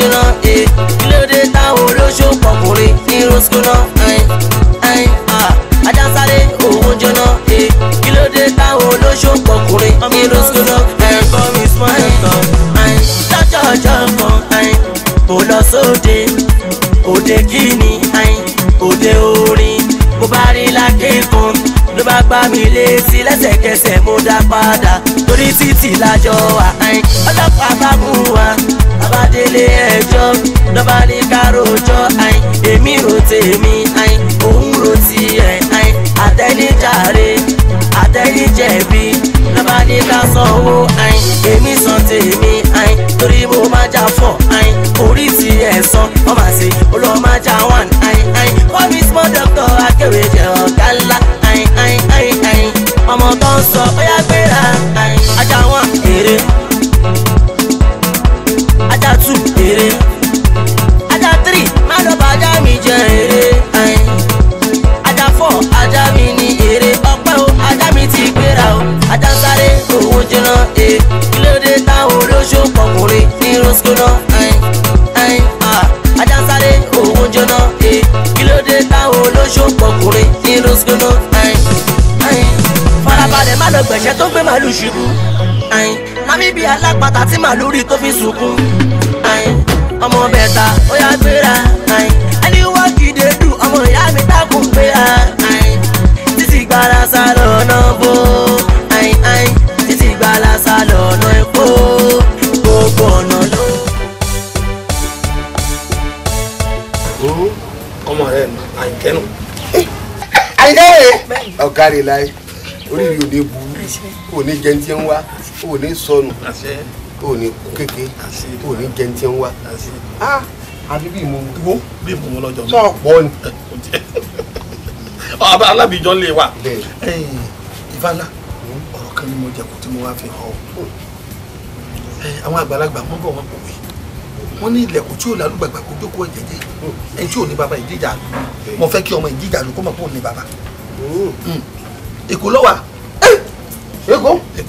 jóná ee eh. kí ló dé táwọn olóṣù pọkùnrin ní roscona ẹn ẹn eh, eh, a ah. adásáré òun jóná ee kí ló dé táwọn olóṣù pọkùnrin ní roscona ẹn kọ́ mi smile kan ẹn lọ́jọ́ ọjọ́ kan ẹn kò lọ sóde òde kíni ẹn òde orin mo bá rí lákẹ́kọ̀ọ́ ló bá gbá mi létí lẹ́sẹ̀kẹsẹ̀ mo dá padà torí títì lájọ wa ọlọ́pàá bá mú wa bá délé ẹjọ́ lọ́ba ní káròjọ́ àìn èmi rò tèmi àìn òun rò tiẹ̀ àìn àtẹnijàre àtẹnijẹ̀bi lọ́ba ní ká sanwó àìn. màálù ṣubú ayin mami bíi alápatà tí màálù rí tó fi sunkún ayin ọmọ bẹ̀ta ó yá gbéra ayin kìdé dùn ọmọ ìyá mi dákun gbéra títí gbára sá lọ́nà bó títí gbára sá lọ́nà epo gbogbo ọ̀nà ló. ọmọ rẹ àyìnkẹ́nu. àyìnkẹ́ eh, ọ̀gá rẹ̀ láì orí mi dé bu o ní jẹun tí ń wá o ní sọnù o ní kú kéke o ní jẹun tí ń wá àti bí mo wo bí mo wọn lọ́jọ́ mi sọ pọ ni. <laughs> alábìjọ lè wà ìfàlà hmm? ọ̀rọ̀ kan ni mo jẹ kó tí mo wá fi hàn ọ́ oh. àwọn àgbàlagbà mọ́ bọ̀ wọ́n kò wí wọ́n ní ilẹ̀kùn tí ò lálùgbàgbà kó jókòó jẹ́jẹ́ hmm. ẹni tí ò ní baba ìdíjà mo fẹ́ kí ọmọ ìdíjà ló kó mọ̀ kó ní baba èkó lọ́wọ́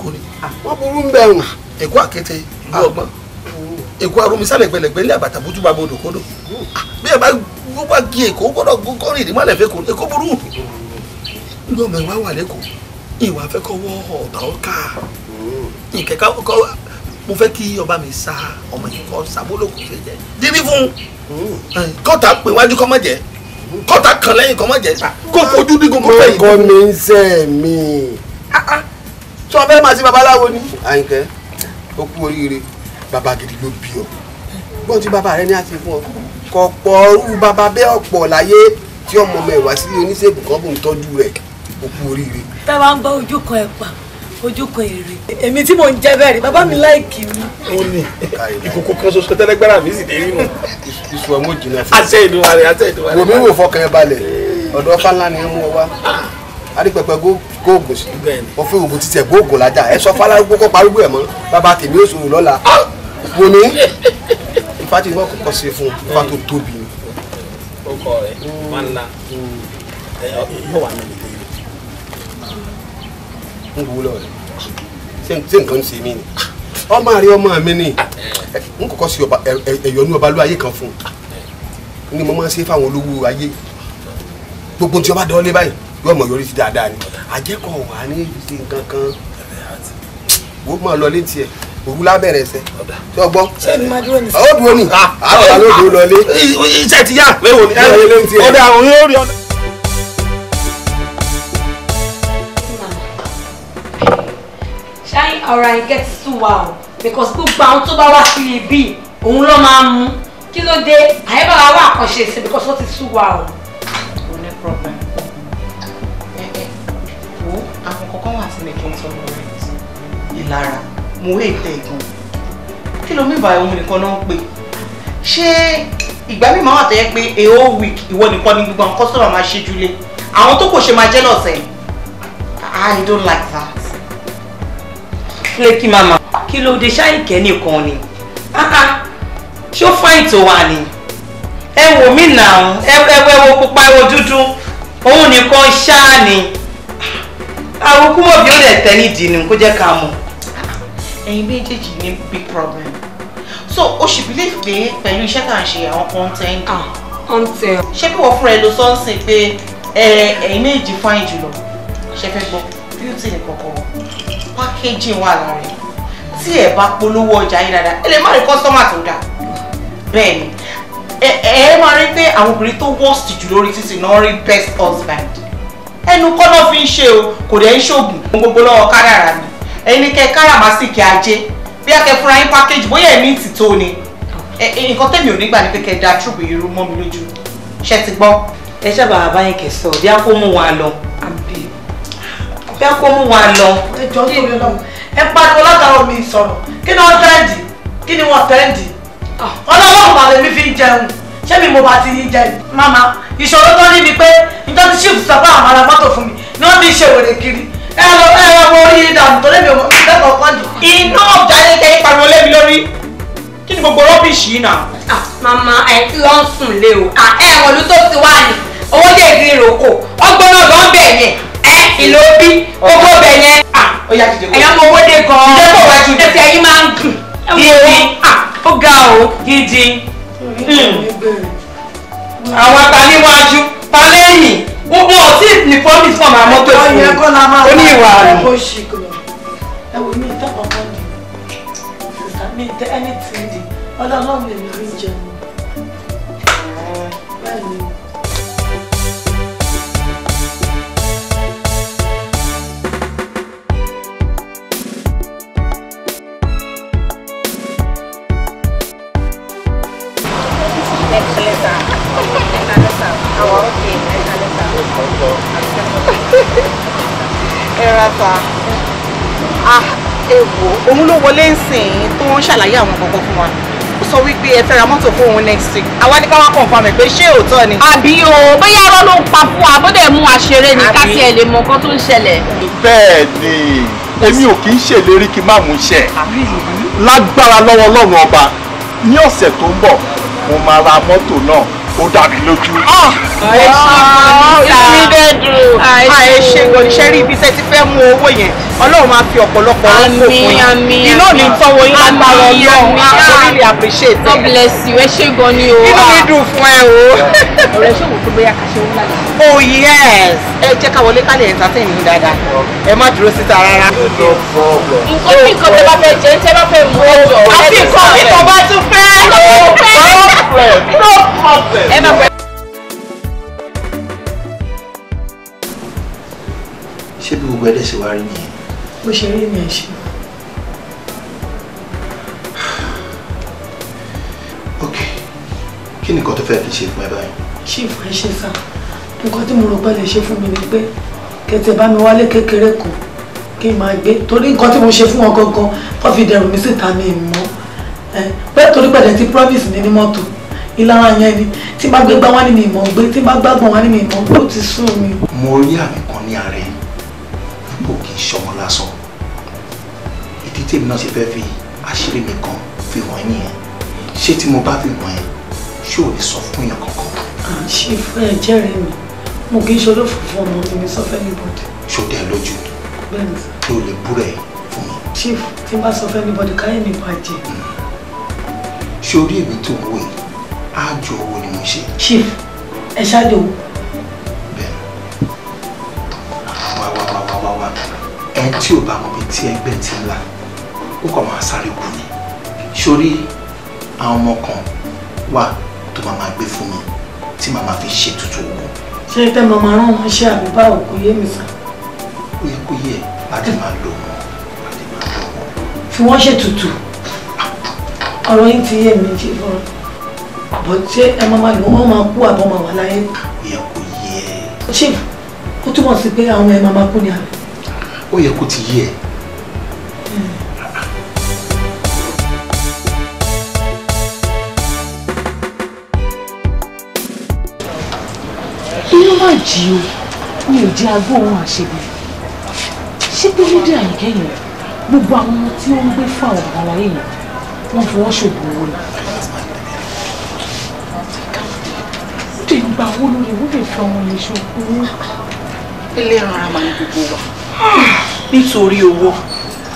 èkó ni. Ah. wọ́n burú ń bẹ̀ wọ̀n. èkó àkété ìlú ah. ọgbọ́n èkó aromisálẹ̀ gbẹlẹ̀gbẹ́ ilé àbàtà bójú bá bodò kódò. Hmm. Ah, bí ẹ bá gbogbo àgé èkó gbọ́dọ̀ kọ́rin ìdímọ̀lẹ̀ fẹ́ kó èkó burú. ńlọ mẹ wá wà lẹ́kọ̀ọ́ ìwà fẹ́ kọ́ wọ́ ọ̀tà ọ̀ka ìkẹ́kẹ́ hmm. kọ́ mo fẹ́ kí ọba mi sa ọmọ yìí kọ́ sabólókù ṣe jẹ́ dídí fún hmm. kọ́ta pé wájú kọ́ mọ̀ jẹ́ kọ́ta kan lẹ́yìn kọ́ mọ̀ jẹ́ kó fojú dígun kó fẹ́ yìí. ọkọ mi ń sẹ́ mi tí wọ́n fẹ́ máa sí babaláwo ni. àyìnkẹ́ ó kú oríire bàbá gidi ló bí ọ gbọ́n tí bàbá rẹ ní àti fún ọ kò pọ̀ ọrú bàbá bẹ́ẹ̀ ọ̀pọ̀ láyé tí ọmọ mẹ́wàá sí oníṣègùn kan bò ń tọ́jú rẹ̀ ó kú oríire. tá a bá ń bá ojú kan ẹ̀ pa ojú kan èrè èmi tí mò ń jẹ bẹ́ẹ̀ rí bàbá mi láìkì mi. ó ní ìkòkò kan ṣoṣo tẹ́lẹ́gbára mi sì dé rí nù. ìṣù ọmọ jìnnà fún mi. àṣẹ ìdúnwà rẹ àṣẹ ìdúnwà rẹ. wò arípẹpẹ góògùn sí wọn fún ìwògùn títẹ góògùn lájà ẹ sọ fálágbó kó parúgbó ẹ mọ bàbá tèmi ó sòrò lọ́la wò ah! ní ìfà tí wọn kọ́kọ́ ṣe fún ìfà tó tóbi ni. ó kọ rẹ máa ń la yóò wà nínú ìdílé. ń wo lọ rẹ ṣé nǹkan ń ṣe mí ni ọmọ àrí ọmọ mi ni eh. n kọ́kọ́ ṣe ẹ̀yọ́nú ọba ló ayé kan fún un eh. ni mo máa ń ṣe fáwọn olówó ayé gbogbo tí ọba dán lé báyìí yóò mọ̀ yọrí sí dáadáa ni àjẹkọ̀ wà ní ìrísí nǹkan kan wọ́n lọ létí ẹ̀ òru lábẹ́rẹ̀ ẹsẹ̀ tí o gbọ́. ṣé mi máa dúró ní. ó dúró ní. àwọn ah, àlọ́ òdò lọlé. iṣẹ́ ti yá. mẹ́wòó ni ẹ̀rọ ilé ń tiẹ̀. ọ̀dà òun yóò rí ọ̀nà. ṣáì ara ẹ̀ gẹ́ sùn wa o because gbogbo àwọn tó bá wá sí ibi òun ló máa mú kí ló dé àyẹ̀bá wa wà àkànṣe sí because ó ti sùn wa o. kò problem. àti mi kí n sọ̀rọ̀ rẹ̀ ìlara mo hé ìtẹ́ ìgbọ̀n kí ló mìíràn ohun nìkan náà ń pè ṣé ìgbà mi máa wà tó yẹ pé a whole week ìwọ nìkan ni gbogbo àwọn kọ́sọ́mà máa ṣe jùlé àwọn tó kò ṣe máa jẹ́ lọ́sẹ̀ I don't like that. Flaky mama kí ló dé ṣáìkẹ́ nìkan ni ah, ah. ṣó fáìn tó wà ni ẹ wò mí nà ẹ wò pupa ẹ wò dúdú òun nìkan ṣáà ni àwọn kú mọ̀ bí ó lè tẹ́ nídìí ni kó jẹ́ ká mọ̀ ẹ̀yin méjèèjì ní big problem so o ṣì believe pé pẹ̀lú iṣẹ́ tá à ń ṣe àwọn content ah, content ṣé kí wọ́n fúnra ẹ lo sọ́nsìn pé ẹ̀yin méjèèjì fine jùlọ ṣe fẹ́ gbọ́ beauty ní kọ̀kọ́ packaging wà lára ẹ̀ tí ẹ bá polówó ọjà yín dáadáa ẹ lè má rí customer tó dáa bẹ́ẹ̀ ni ẹ máa rí pé àwọn obìnrin tó worst jù lórí títì náà rí best husband ẹnu kọ́nà fi ń ṣe o kò dẹ̀ ń ṣoògùn ohun gbogbo lọ́wọ́ kádàrà ni ẹni kẹ́ káràmásìkì ajé bí akẹ́ fúnra yín package bóyá ẹ̀mí ti tó ni nǹkan tẹ̀mí ò nígbà ni pé kẹ́ da trúbù irú mọ́ mi lójú ṣe ti gbọ́. ẹ sábà báyìí kẹ sọ bí a kò mú wa lọ bí a kò mú wa lọ. ẹ jọ tó lè lọ ẹ pariwo látara omi ìsọ̀rọ̀ kí ni wọ́n tẹ́ǹdì kí ni wọ́n tẹ́ǹdì ọlọ́wọ́ màlẹ́mí fi ń jẹun ṣé mi mo bá ti yín jẹ mama ìṣòro tó ní ni pé nítorí tí chief sọ pé àwọn ará mọ́tò fún mi ni wọ́n fi ṣe wèrè kiri ẹ lọ ẹ lọ mo rí ìdààmú tó lébi ọmọ mi lẹ́kọ̀ọ́ kan jù. iná ọ̀gá ilé kẹ́yìn pariwo lé mi lórí kí ni gbogbo rọ́bìṣì yìí nà. màmá ẹ ti lọ sùn lé o ẹ wọ̀lú tó ti wá ní owó dé ìdí ìrókò ọgbọ́n náà gan bẹ̀ yẹn ẹ ìlò bí gbogbo bẹ̀ yẹn. ẹ̀yàn mo owó dé gan-an ẹ̀sẹ̀ yìí máa ń gùn. ó ga o gidi. Hmm. àwọn ta níwájú ta lẹ́yìn gbogbo ọtí ìfọ́nì fọ́ọ̀mù àmọ́tò fún un ó ní ìwà rẹ̀. ẹ wo mi ìtọ́kọ̀ kan ni sísá mi ìtẹ́ ẹni tì í di ọlọ́run lè mi rí jẹun bẹ́ẹ̀ rárá ah èwo òun ló wọlé ń sìn tó ń ṣàlàyé àwọn kankan fún wa ó sọ wípé ẹ fẹ́ ra mọ́tò fún òun next week àwa ní ká wá confirm ẹ̀ pé ṣé òótọ́ ni. àbí o bóyá irọ́ ló ń pa fún wa bóde mú àṣeré ni ká tiẹ̀ lè mọ nǹkan tó ń ṣẹlẹ̀. bẹ́ẹ̀ ni èmi ò kì í ṣèlérí kí n má mú iṣẹ́ lágbára lọ́wọ́ ọlọ́run ọba ní ọ̀sẹ̀ tó ń bọ̀ mo máa ra mọ́tò náà ó dá mi lójú. àìṣe kò ní rí ibi tẹ́ ti fẹ́ mú owó yẹn ọlọ́run máa fi ọ̀pọ̀lọpọ̀ ọ̀pọ̀ fún yín iná ní tọ́wọ́ yín lágbára ọlọ́run àkórí lè appreciate. God bless you ẹ ṣé gan ni o. inú mi ah! dùn fún ẹ o. ọ̀rẹ́ ṣòwò tó bóyá kà ṣe lálẹ́. oh yes ẹ jẹ́ ká wọlé ká entertain yín dáadáa ẹ má dúró síta rárá. nǹkan bí nǹkan tẹ bá fẹ́ jẹ tẹ bá fẹ́ mú ọjọ́. àfi ẹ máa pẹ́. ṣé bí gbogbo ẹlẹ́sìn wa rí nìyẹn. bó ṣe rí mi ẹ ṣe. ok kí ni nǹkan tó fẹ́ fi ṣe fún ẹ báyìí. ṣé ìfọ̀ ẹ ṣe sá nǹkan tí mo rò pé lè ṣe fún mi ni pé kẹtẹ bá mi wálé kékeré kan kí n máa gbé torí nǹkan tí mo ṣe fún wọn gangan kó fi dẹrù mi síta mi mọ́ ẹ pé torí pẹ̀lẹ́ ti promise mi ní mọ́tò ìlara yẹn ni tí bá gbégbá wá ní mi ìmọ̀ gbé tí bá gbàgbọ́n wá ní mi ìmọ̀ gbé ó ti sún mi. mo rí àmì kan ní ara ẹ kò kì í ṣọmọ lásán ìdí tèmi náà ṣe fẹ́ fi àṣírí mi kan fi hàn ẹ́ nìyẹn ṣé tí mo bá fi hàn ẹ́ ṣé ò lè sọ fún èèyàn kankan. à ń ṣe fún ẹ jẹ́rìí mi mo kì í ṣolófò fún ọmọ mi sọ fẹ́ níbọ̀dì. ṣòdẹ lójú bẹ́ẹ̀ni ló lè búrẹ̀ fún mi. chief tí n bá sọ fẹ́ níbọ̀dì káyọ̀ mi bàjẹ́. Hmm. ṣé orí èmi tó ń wò yìí àjọ owó ni mo ṣe. chief ẹ ṣáájú o. bẹ́ẹ̀ wá wá wá wá wá ẹ tí ò bá mọ bí tí ẹgbẹ́ ti ń la ó kàn máa sáré kù ni sórí àwọn ọmọ kan wà tó máa máa gbé fún mi tí màá máa fi ṣètùtù owó. ṣé tẹ́ mọ̀ máa rán wọn ṣe àbúbá òkú yé mi sàn. ó yẹ kó yẹ láti máa lò wọn láti máa lò wọn. fi wọ́n ṣètùtù ọ̀rọ̀ yìí ti yé mi jí fún ọ bọ́ ṣé ẹ máa máa ìwọ́n máa kú àbọ̀ máa wà láyé. ìyá kò yé ẹ. chief ó túmọ̀ sí pé àwọn ẹ máa máa kú ní àná. ó yẹ kó ti yé ẹ. inú máa jí o mi ò jẹ agbó ohun àṣebí ṣé pé lédè àyíkẹ́yìn gbogbo àwọn ọmọ tí ó ń gbé fún àwọn ọmọ aláyé wọ́n fi wọ́n ṣògùn owó ni. ìgbà wo ló lè wúlò fi ọmọ mi ṣòkòó ẹlẹ́ran ara máa ń gbogbo wa nítorí owó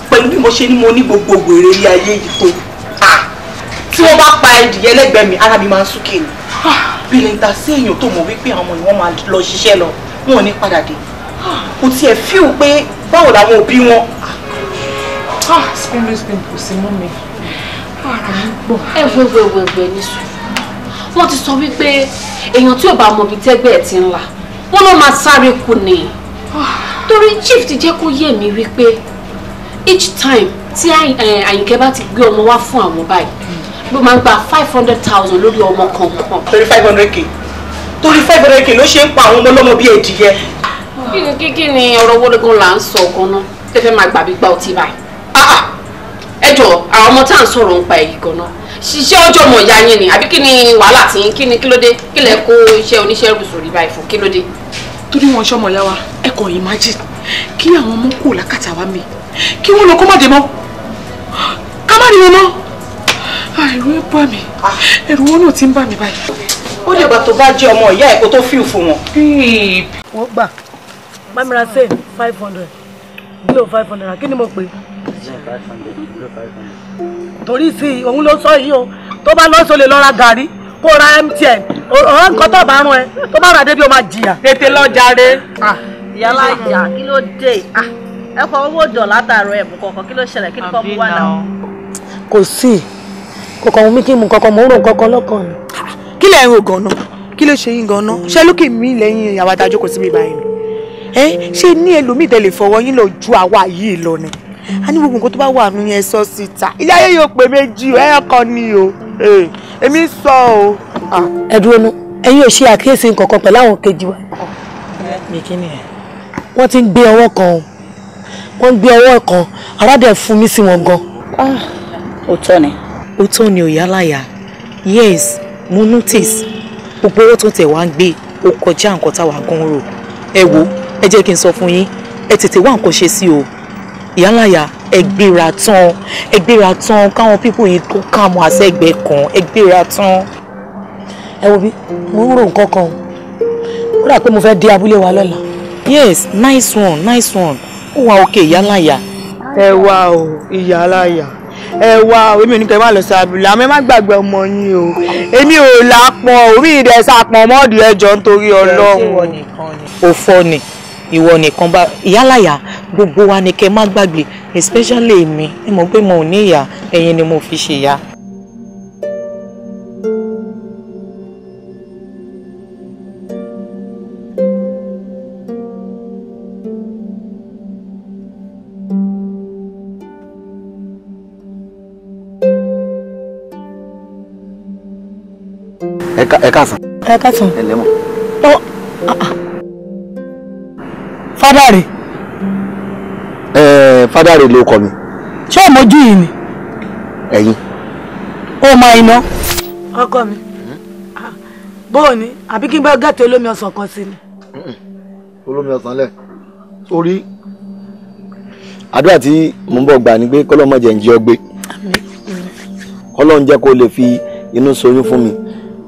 pẹ̀lú bí mo ṣe ní mo ní gbogbo wèrè ilé ayé yìí tó tí wọ́n bá pa ẹdìyẹ lẹ́gbẹ̀ẹ́ mi arábí máa ń súnkè ni bìlìntà sí èèyàn tó mọ̀ wípé àwọn ọmọ ìwọ́n máa lọ ṣiṣẹ́ lọ wọn ò ní padà dé kò tiẹ̀ fíìl pé báwo làwọn òbí wọn. spinal spin kò sí mú mi ara mi gbọ́. ẹ wẹ́wẹ́wẹ́wẹ́ ní sùn wọ́n ti sọ wípé èèyàn tí ò bá mọ ibi tẹ́gbẹ́ ẹ̀ ti ń là wọ́n ló máa sáré kù ni torí chief ti jẹ́ kó yé mi wípé each time tí àyìnkẹ́ bá ti gbé ọmọ wá fún àwọn báyìí ló máa ń gba five hundred thousand lórí ọmọ kọ̀ọ̀kan. torí five hundred k torí five hundred k ló ṣe ń pa àwọn ọmọ ọlọ́mọ bíi ẹ̀dìyẹ. kíkí ni ọ̀rọ̀ owó lógún là ń sọ ọ̀kan náà tẹ́fẹ́ máa gbàgbé gbà ọtí báyìí. Ah, ah. ẹ jọ àwọn ọmọ tá à ń sọ̀rọ̀ ń pa èyí gan náà ṣiṣẹ́ ọjọ́ ọmọ ìyá yín ni àbí kí ni wàhálà tí kí ni kí ló dé kí lẹ kó iṣẹ́ oníṣẹ́ rùsùn rí báyìí fún kí ló dé. torí wọn ṣọmọ ìyá wa ẹ kàn imagine kí àwọn ọmọ kù lákàtà wa mi kí wọn lọ kó má dé mọ ká má rí wọn mọ àìrò ah, ẹ bá mi ah. ẹrù wọn náà ti ń bà mí báyìí. ó lè gbà tó bá jẹ́ ọmọ ìyá ẹ̀ kó tó fíìl fún wọn. wọ́n gbà bámira ṣe five hundred below five hundred kí ni mo pè é torí sí i òun ló sọ yìí o tó bá lọ sọ lè lọ ra gàrí kó ra MTN ọ̀rọ̀ nǹkan tó bá rún ẹ tó bá rà débi o máa jìyà. tètè lọ jàre. ìyálà ìyá kí ló dé ẹ kọ owó dọ̀ látàrọ ẹ̀bùn kọ̀ọ̀kan kí ló ṣẹlẹ̀ kí ni kò mú wà náà. kò sí kòkò mú kí mú kọkọ mò ń rò kọkọ lọkàn ni. kí lẹ̀ ń rò gan-an kí ló ṣe yín gan-an ṣé lókè mi lẹ́yìn àwa tá a jókòó síbi báyìí ni ṣé ní ẹlòmíì tẹ lè fọwọ́ yín lọ ju àwa yìí lọ ni a ní gbogbo nǹkan tó bá wà nínú yẹn sọ síta ilé ayé yóò pé méjì o ẹyọ kan ni o eh, èmi sọ o. Ah, ẹ dúró ná ẹ̀yin ò ṣe àkíyèsí nǹkankan pẹ̀lú àwọn kejì wa wọ́n ti ń gbé ọwọ́ kan o wọ́n ń gbé ọwọ́ kan aládẹ fún mi sí wọn gan. Ah, òótọ́ ni. òótọ́ ni òyà láyà yes mo notice gbogbo owó tó tẹ̀ wá ń gbé ó kọjá nǹkan táwa gan rò ẹ wo ẹ jẹ́ kí n sọ fún yín ẹ tètè wá nǹkan ṣe sí o ìyálàyà ẹgbẹ́ra tán ẹgbẹ́ra tán káwọn pípò yìí kó káàmù àṣẹgbẹ́ kan ẹgbẹ́ra tán. ẹ wo bí mo ń rò nǹkan kan ó dà pé mo fẹ́ dé abúlé wa lọ́la. yes nice one nice one ó wà òkè ìyálàyà. ẹ wá o ìyálàyà ẹ wá èmi ò ní kẹ́ máa lọ sí abúlé àmọ́ ẹ má gbàgbé ọmọ yín o èmi ò lápọn orí ìdẹ́sà pọn mọ́ọ̀dù ẹjọ́ nítorí ọlọ́run. òfò ni ìwọ nìkan bá ìyálàyà gbogbo wa ni kẹ́ má gbàgbé especially èmi ẹ mọ̀ pé mo ò ní ìyá ẹ̀yin ni mo fi ṣèyá. ẹ káàsán. ẹ káàsán. ẹ lẹ́mọ̀. ah, ah fada rẹ. ẹ fada rẹ ló kọ mi. ṣé o mojú yìí ni. ẹyin. ó máa iná. ọkọ mi ah, bóò ni àbí kí n bá gàtò olómi ọsàn kan sí ni. olómi ọsàn lẹ sórí àdúrà tí mò ń bọ̀ gbà ni pé kọ́lọ́ mọ̀jẹ̀ ń jí ọ kọ́lọ́ ń jẹ́ kó lè fi inú soyún fún mi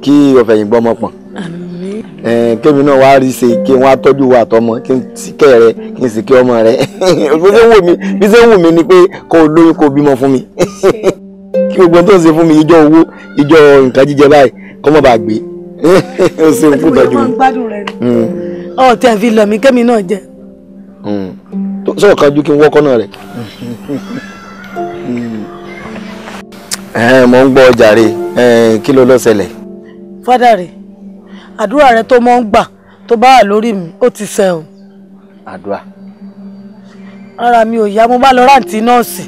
kí ọ̀fẹ̀yìnbọn mọ̀ pọ̀n kémi náà wá rí ṣe kí wọn á tọ́jú wa àtọmọ kí n sì kẹ́ rẹ kí n sì kí ọmọ rẹ <laughs> bí ṣe ń wù mí bí ṣe ń wù mí ni pé kó o lóyún kó o bímọ fún mi <laughs> kí gbogbo tó ń ṣe fún mi ìjọ owó ìjọ nǹkan jíjẹ báyìí kó má bàa gbé o ṣeun fún ìtọ́jú mi. ọ̀tẹ̀ fi lọ mí kémi náà jẹ. Hmm. sọ̀rọ̀ kan ju kí n wọ́kọ́ náà rẹ̀. <laughs> mo hmm. ń gbọ́ ọjà rẹ̀ kí ló lọ́ọ́ ṣẹlẹ̀. fádà àdúrà rẹ tó mọ́ ń gbà tó bá wà lórí mi ó ti ṣẹ o. àdúrà. ara mi ò yá mo bá lọ ráǹtì nọ́ọ̀sì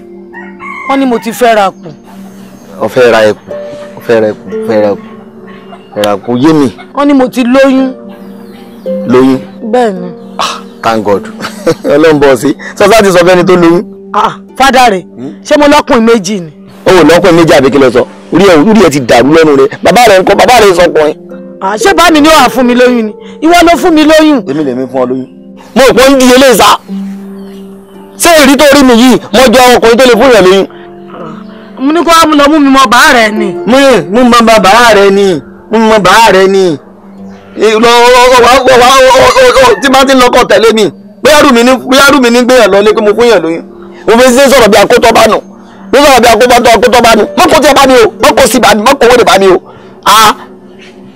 wọ́n ní mo ti fẹ́ ra kù. ó ra ẹ̀kú ó ra ẹ̀kú ó ra ẹ̀kú ra kù yé mi. wọ́n ní mo ti lóyún. lóyún. bẹ́ẹ̀ ni. Ah, thank god <laughs> ọlọ́run bọ̀ sí sọ́sá ti sọ fẹ́ni tó lóyún. ah fádà rẹ̀ hmm? ṣé mo lọ́kùnrin méjì ni. o ò lọ́kùnrin méjì àbí kí ló sọ orí ẹ̀ orí ẹ̀ ti dàrú lẹ́nu rẹ̀ bàbá rẹ̀ ńkọ́ bàbá rẹ̀ sọkùnrin àṣé bá mi ní wàá fún mi lóyún ni ìwọ ló fún mi lóyún. èmi lèmi fún ọ lóyún. mo ò pọ́ ń di eléyìí sá ṣé èrí tó rí mi yìí mo jọ ọkùnrin tó lè fún ìrẹ̀ lóyún. mo ní kó wá lọ mú mi mọ bàá rẹ ni. mo mú mọ bàá rẹ ni mo mọ bàá rẹ ni tí máa ti ń lọkọ tẹ̀lé mi bóyá rú mi ní bóyá rú mi ní gbéyàn lọ lé pé mo fún yàn lóyún mo fi ṣe sọ̀rọ̀ bí akótọ́ bá nù mo sọ̀rọ̀ bí akótọ́ bá nù mọ́kò tí a bá ní o mọ́kò sí bá ní mọ́kò owó lè bá ní o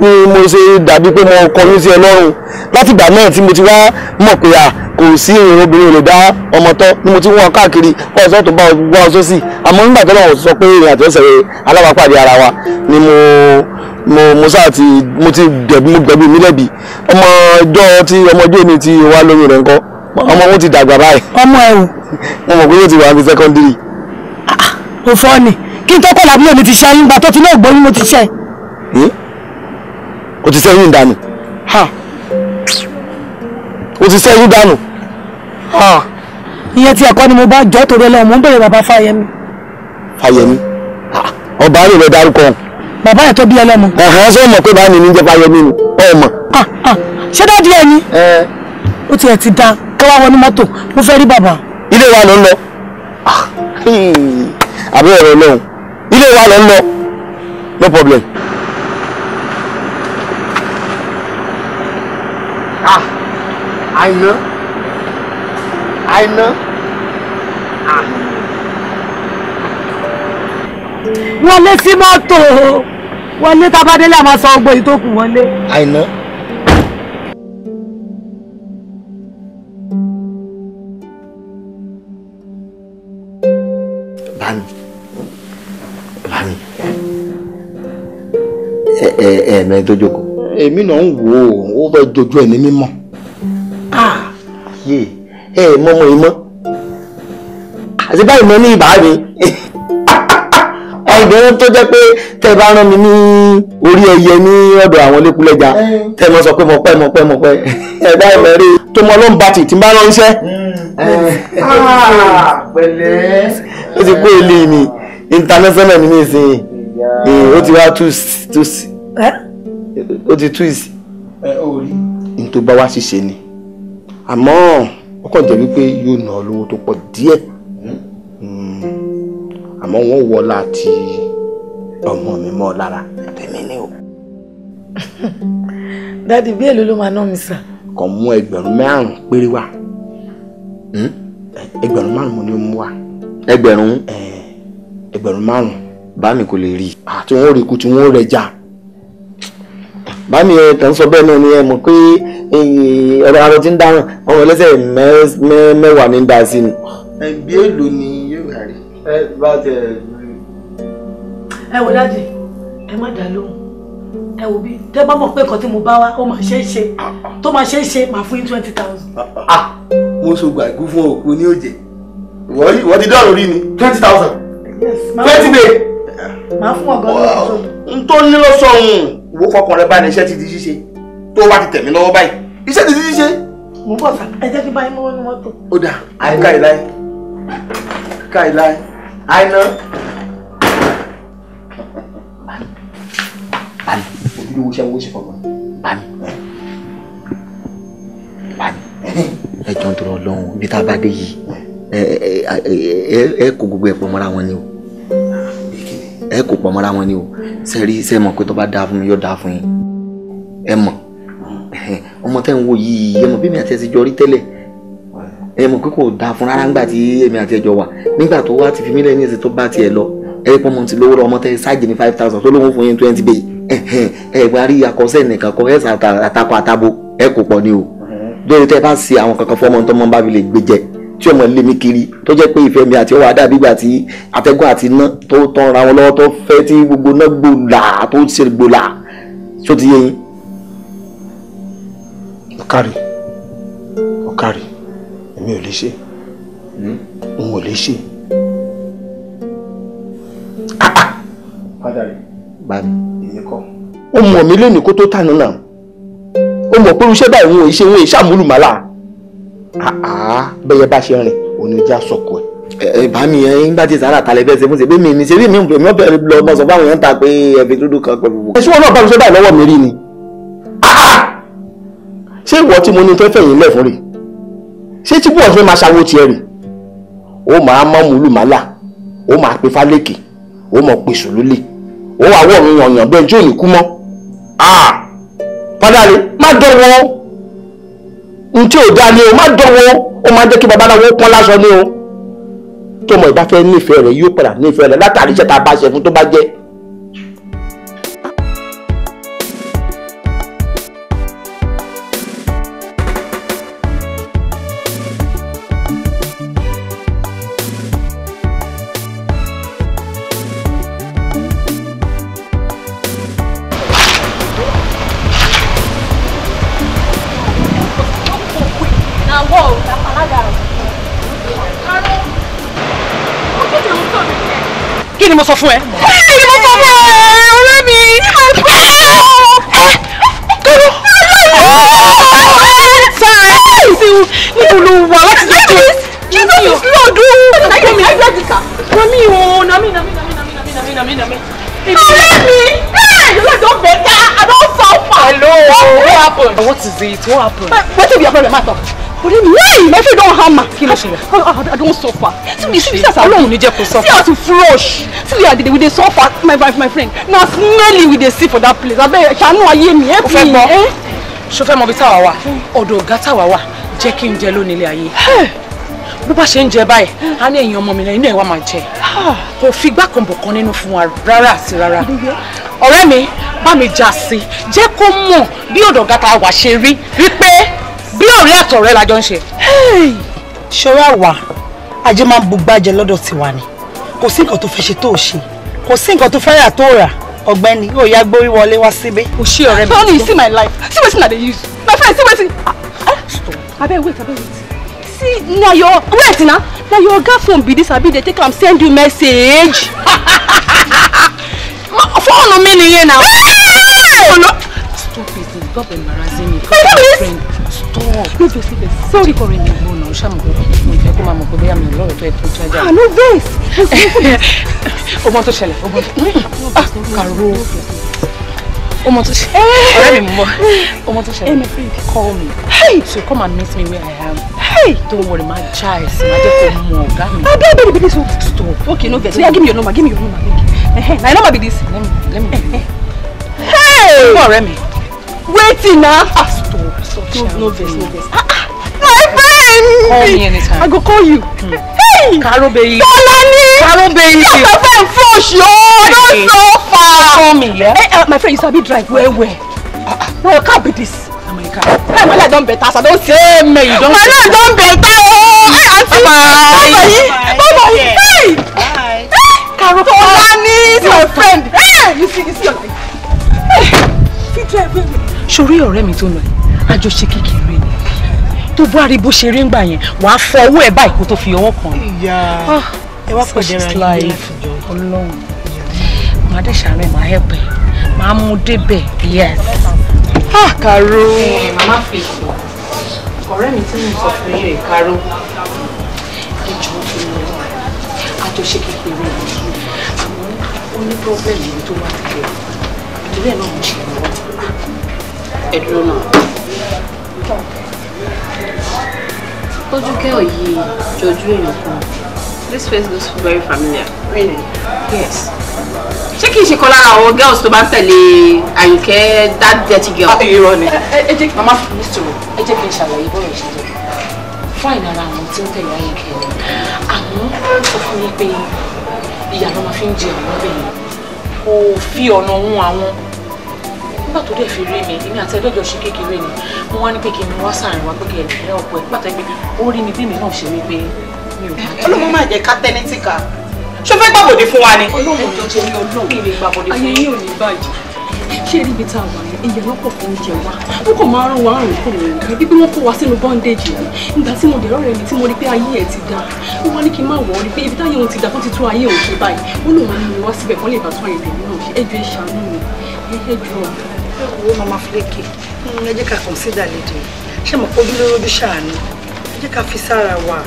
ni mo ṣe dàbí pé mo kọyún sí ọlọ́run látìgbà náà tí mo ti wá mọ̀ pé à kò sí ìrìn obìnrin lè dá ọmọ tọ́ ni mo ti wọ́n káàkiri ọ̀sọ́ tó bá wá ọ̀sọ́ sí àmọ́ nígbà tó náà sọ pé ìrìn àti ẹsẹ̀ alábàápàdé ara wa ni mo mo mo sáà ti mo ti gbẹ̀bí mo gbẹ̀bí mi lẹ́bi ọmọ ọjọ́ tí ọmọ ọjọ́ mi ti wá lóyún rẹ̀ ńkọ́ ọmọ wọn ti dàgbà báyìí. ọmọ ẹ o. ti wà ní sẹ́kọ́ndírì. kò ah, ah, fọ́ ni kí n tó kọ́ làbúlò mi ti ṣe ayé ńgbà tó ti náà gbóyún mo ti ṣe o ti sẹ́yìn dànù ha o ti sẹ́yìn dànù ha. ìyẹn tí ẹ̀kọ́ ni mo bá jọ́ torí ẹlẹ́wọ̀n mo ń bèrè bàbá Fáyẹmí. Fáyẹmí ọba rẹ̀ lọ dárúkọ ọ̀hún. bàbá ẹ̀ tó bí ẹlẹ́mu. ẹ̀hán sọ mọ̀ pé báyìí ní jẹ́ Fáyẹmí ni ọmọ. ṣé dáàdi ẹ ni. ó tiẹ̀ ti da káwá wọnú mọ́tò mo fẹ́ rí bàbá. ilé wa ló ń lọ àbí ọ̀rọ̀ ọlọ́run ilé wa ló ń lọ no problem. ah àìná àìná ah. wọlé sí mọ́tò wọlé tábádélé àmọ́ sọ gbogbo èyí tó kù wọlé. àìná. bami bami ẹ ẹ ẹ mẹ tó jókòó èmi náà ń wò ó ó fẹ́ dojú ẹ̀ ní mímọ́. Ah. Ah, yé ẹ mọ́mọ́ ìmọ̀ àti báyìí mo ní ibà mi obìnrin <laughs> tó jẹ́ pé tẹ́ bá rán mi ní orí ẹyẹ ní ọ̀dọ̀ àwọn lẹ́kúlẹ́jà tẹ́ mọ sọ pé mo pẹ́ mo pẹ́ mo pẹ́ <laughs> ẹ̀dá ìmọ̀rẹ́ tó mọ lóun bá ti ti bá rán iṣẹ́. Mm. Ah, pẹ̀lẹ́ ó ti kó èlé mi international mi ní ìsìn ó ti wá tú sí ó ti tú ìsì. ẹ ò rí. n tó bá wá ṣìṣe ni àmọ́ ó kàn jẹ́ wípé yóò ná ọ lówó tó pọ̀ díẹ̀ hmm. àmọ́ wọ́n wọ láti ọmọ mi mọ́ lára tèmi ni o. <laughs> dádì bí èlò ló máa ná mi sà. kàn mú ẹgbẹ̀rún márùn-ún péré wá hmm? ẹgbẹ̀rún márùn-ún mo ní mú wá. ẹgbẹ̀rún ẹgbẹ̀rún márùn-ún bá mi kò lè rí i ah, àti wọn ò rí ikú tí wọn ò rẹjà bámi ẹ kàn sọ bẹ́ẹ̀ náà ni ẹ mọ̀ pé eh, ọ̀rọ̀ arọ ti ń dáràn ọmọ ẹlẹ́sẹ̀ mẹ́wàá ní dá sí ni. ẹgbẹ́ èlò ni yóò rà rí. ẹ bá tẹ ẹ. ẹ wò dájú ẹ má dá lóhùn ẹ wò bí tẹ bá mọ̀ pé nǹkan tí mo bá wá ó máa ṣe é ṣe tó máa ṣe é ṣe máa fún yín twenty thousand. Ah, ah, ah. mo so gbàgbó fún òkú ní òjè ìwọ ti dọ́ọ̀rọ̀ rí ni twenty thousand twenty day máa fún ọgọ́ lórí ìṣòro. n tó ní lọ sọ̀hún ìwò fọkàn rẹ báyìí iṣẹ́ ti di ṣíṣe tó bá ti tẹ̀ mí lọ́wọ́ báyìí iṣẹ́ ti di ṣíṣe. mo bọ̀ sá ẹ jẹ́ kí báyìí mọ́wọ́ ní mọ́tò. ó dà àìká ìláì ká ìláì àìná. bani ojúlówó iṣẹ́ wo ṣe fọkàn bani bani ẹ jọ̀ọ́ nítorí Ọlọ́run ibi tá a bá dé yìí ẹ ẹ ẹ kó gbogbo ẹ̀ pọ̀ mọ́ra wọn ni o ẹ kò pọ̀ mọ́ra wọn ni o ṣe rí ṣe mọ̀ pé tó bá dáa fún mi yóò dáa fún yín ẹ mọ̀ ọmọ tẹ́ ń wo yìí ẹ mọ̀ bí mi àti ẹ ti jọ rí tẹ́lẹ̀ ẹ mọ̀ pé kò dáa fún rárá ńgbà tí èmi àti ẹ jọ wà nígbà tó wá ti fi mí lẹ́yìn ẹsẹ̀ tó bá tiẹ̀ lọ ẹ pọ́n mọ́ ti lówó lọ ọmọ tẹ́ ṣáàjì ní five thousand tó lóun fún yín twenty bay ẹ gba rí akọ́sẹ́ nìkan kọ́ ẹ̀sà àtakọ àtabo ẹ kò pọ̀ ni o lórí tẹ́ bá ṣe àwọn kankan fọ́mọ́ tó mọ́ bá fi lè gbé jẹ tí ọmọ lé mi kiri tó jẹ́ pé ìfẹ́ mi àti ọwọ́ adá bígbà tí atẹ́gùn àti iná tó tán ra wọn lọ́wọ́ tó fẹ́ tí gbogbo náà gbòòlà tó ṣe gbòòlà tó ti yé yín. ọ̀kàrí ọ̀kàrí èmi ò lè ṣe hmm? n ò lè ṣe. fádàrí bá mi èmi kọ́. ó mọ̀ mí lónìí kó tó tànú náà ó mọ̀ pé irúṣẹ́ báyìí wọn ò ṣe wọn ò ṣàmúlùmọ́lá bẹ́yẹ bá ṣe rìn òní ojú àsọ̀kọ ẹ̀. ẹ bá mi ẹ nígbà tí sàrà talẹ fẹsẹ fún ṣebí mi ni ṣebí mi mi ò bẹ̀rẹ̀ lọ mọ sọ fáwọn èèyàn ta pé ẹbí dúdú kan pẹ̀lú. ẹ ṣé wọn náà bá mi sọ báyìí lọ́wọ́ mi rí ni ah, ah! ṣé ìwọ tí mo ní tó fẹ̀yìn lẹ̀ fún rè ṣé tí bọ́ọ̀ fẹ́ máa ṣàwọ́ tiẹ̀ rè ó máa mọ́ mùlùmálà ó máa pe fálékè ó mọ̀ pe sùlúlè ó wà wọ̀ mi yànyàn bẹ́ẹ̀ tí ò ní kú mọ́. padà ah! rè má dọ̀wọ́ n tí ò dá ni o má dánwò ó máa jẹ́ kí babaláwo pọ́n lásán ni o tó mọ̀ ìbáfẹ́ nífẹ̀ẹ́ rẹ̀ yóò padà nífẹ̀ẹ́ rẹ̀ látàrí iṣẹ́ tá a bá ṣe fún tó bá jẹ́ mo sọ fún ẹ. bẹ́ẹ̀ mo sọ fún ẹ ọ̀rẹ́ mi ẹ sí i níbo ló wà láti lè tó. Jesus is Lord o. ọkọ mi nami o nami nami nami nami nami nami nami nami. ọ̀rẹ́ mi you like don beg me I suffer. hello what happen. what is it what happen. wetin be your problem ma talk. Orí mi yìí my friend don hammer. Kí ló ṣẹlẹ̀? I don suffer. Tí mi sí sàṣà lóhùn ní jẹ́ kó suffer. See how to flush. See how we dey suffer my wife my friend. Na smelly we dey see for that place. Abeg ṣàánú ayé mi. O fẹ́ gbọ́. Eh? Ṣo fẹ́ mọ ibi táwa wà? Ọ̀dọ̀ ọ̀gá táwa wà. Jẹ́ kí n jẹ lónìí ilé ayé bó bá ṣe ń jẹ báyìí a ní ẹ̀yin ọmọ mi lẹ́yìn náà wà máa jẹ ah. kò fi igbá kan nínú fún wa rárá àti rárá ọ̀rẹ́ mi bá mi jà sí i kó mọ̀ bí ọ̀dọ̀ gata wà ṣe rí wípé bí ọ̀rẹ́ àtọ̀rẹ́ la jọ ń ṣe. ṣọ́ra wà ajé máa ń bugbájẹ lọ́dọ̀ tiwa ni kò sí nǹkan tó fẹ́ ṣe tó o ṣe kò sí nǹkan tó fẹ́ rà tó rà ọ̀gbẹ́ni ó yá gbórí wọlé wá síbí. o ṣí ọ̀rẹ́ mi. honey you see my life see wetin i dey use my friend see wetin. Ah! Ah! abeg wait abeg wait see na your wait na na your oga phone be this abi dey take am send you message. fóònù mi nìyẹn na. stupid god embarrassing me. my phone stop. síbẹ̀síbẹ̀ sọ́ọ̀rì kọrin ní ìgbóná I'm mo fẹ́ kó máa mọ̀ pé bóyá going. ò lọ́rọ̀ tó ẹ̀ tó jájà. àánú vex. ọmọ I'm ṣẹlẹ̀ ọmọ tó ah, kàró ọmọ tó ṣẹlẹ̀ going. mi mọ̀ ọmọ tó ṣẹlẹ̀ call me so come and meet me where I am. Hey! Don't worry, my child. My dear, come going. Gami. Oh, baby, baby, so stop. Okay, no, get. Yeah, give me your number. Give me your number. Let me, let me. Hey! Come on, Remy waiting now. Ah, stop, stop. No, no vex, no this. Ah, ah, my friend. Call me anytime. I go call you. Hmm. Hey, Carol baby. Tolani. Carol baby. Not a friend flush, yo. Don't so far. Call me, yeah. Hey, uh, eh, my friend, you sabi drive Where, where? Ah, ah. Now can't be this. America. Hey, my life don't better, so don't say me. You don't. My life don't better, oh. Hey, auntie. Bye. Bye. Bye. Bye. Bye. Bye. Bye. Hey, Carol. Tolani is my friend. Hey, you see, you see your life. Hey, fit drive well sórí ọ̀rẹ́ mi tó lọ yìí àjọṣe kékeré ni tó bá rí bó ṣe rí ńgbà yẹn wàá fọ ọwọ́ ẹ̀ báyìí kó tó fi ọwọ́ kàn án. ìyá ah, ẹ wá pẹ̀lú ara yín ní ọlọ́run màá dẹ̀ ṣàárẹ̀ màá ẹ̀ màá mú débẹ̀ yes. ah karo. ẹ màmá fèsì ọ̀rẹ́ mi tí mo sọ fún yín rè karo ẹ jọ fún mi àjọṣe kékeré ni àmọ́ ó ní pọ́blẹ́mù tó wà nílẹ̀ ìdílé náà mo ṣe ẹ dúró náà tójú kẹ́ọ̀ yìí jọjú èèyàn kan this face looks very familiar. really yes. ṣé kìí ṣe kan lára àwọn girls tó bá ń tẹ̀lé àyùkẹ́ that dirty girl. Ah, irọ́ ni ẹ jẹ́ kí mama fi mí sọ̀rọ̀ ẹ jẹ́ kí n ṣàlàyé bọ́ọ̀rọ̀ ṣe jẹ́ fáìn ara àwọn tí ń tẹ̀lé àyùkẹ́ ni àmọ́ sọ fún mi pé ìyá ló máa fi ń jẹ àwọn ọbẹ̀ yìí kò fi ọ̀nà hun àwọn nígbà tó dẹ̀ fi rí mi èmi àti ẹlẹ́jọ́ ṣe kékeré ni mo wá ní pé kí n wá sàárín wa pé kí ẹ̀rọ ìpínlẹ̀ ọ̀pọ̀ ẹ̀ pàtó ẹgbẹ́ ó rí ni bí mi náà ṣe wí pé mi ò bá jẹ́. Ọlọ́run máa jẹ́ ká tẹ́ni tí ká ṣó fẹ́ gbàbọ̀dé fún wa ni. Ọlọ́run tó jẹ́ Ọlọ́run kí lè gbàbọ̀dé fún yín. ayé yìí ò ní bàjẹ́ ṣé rí ibi tá a wà yẹn ìyá lọ́pọ̀ fún oúnjẹ wa ó kàn máa rán wa àrùn kò lóyún ibi wọ́n kó wa sínú bọ́ndéjì ni nígbà tí mo dẹ̀ rọ́ọ̀rẹ́ mi tí mo rí pé ayé ẹ̀ ti da ó wá ní kí n má wọ̀ ọ́ rí pé ibi táyé òun ti da kó ti ayé òun ṣe báyìí ó lòun ní mi wá síbẹ̀ kán lè bá tún ayé tèmi náà ṣe ẹjọ́ ìṣàánú mi ẹjọ́ ọ̀hún wo mama flake hmm, ẹ jẹ́ ká consider lady ṣé mo fojú lóró bí ṣàánú ẹ jẹ́ ká fi sára wa.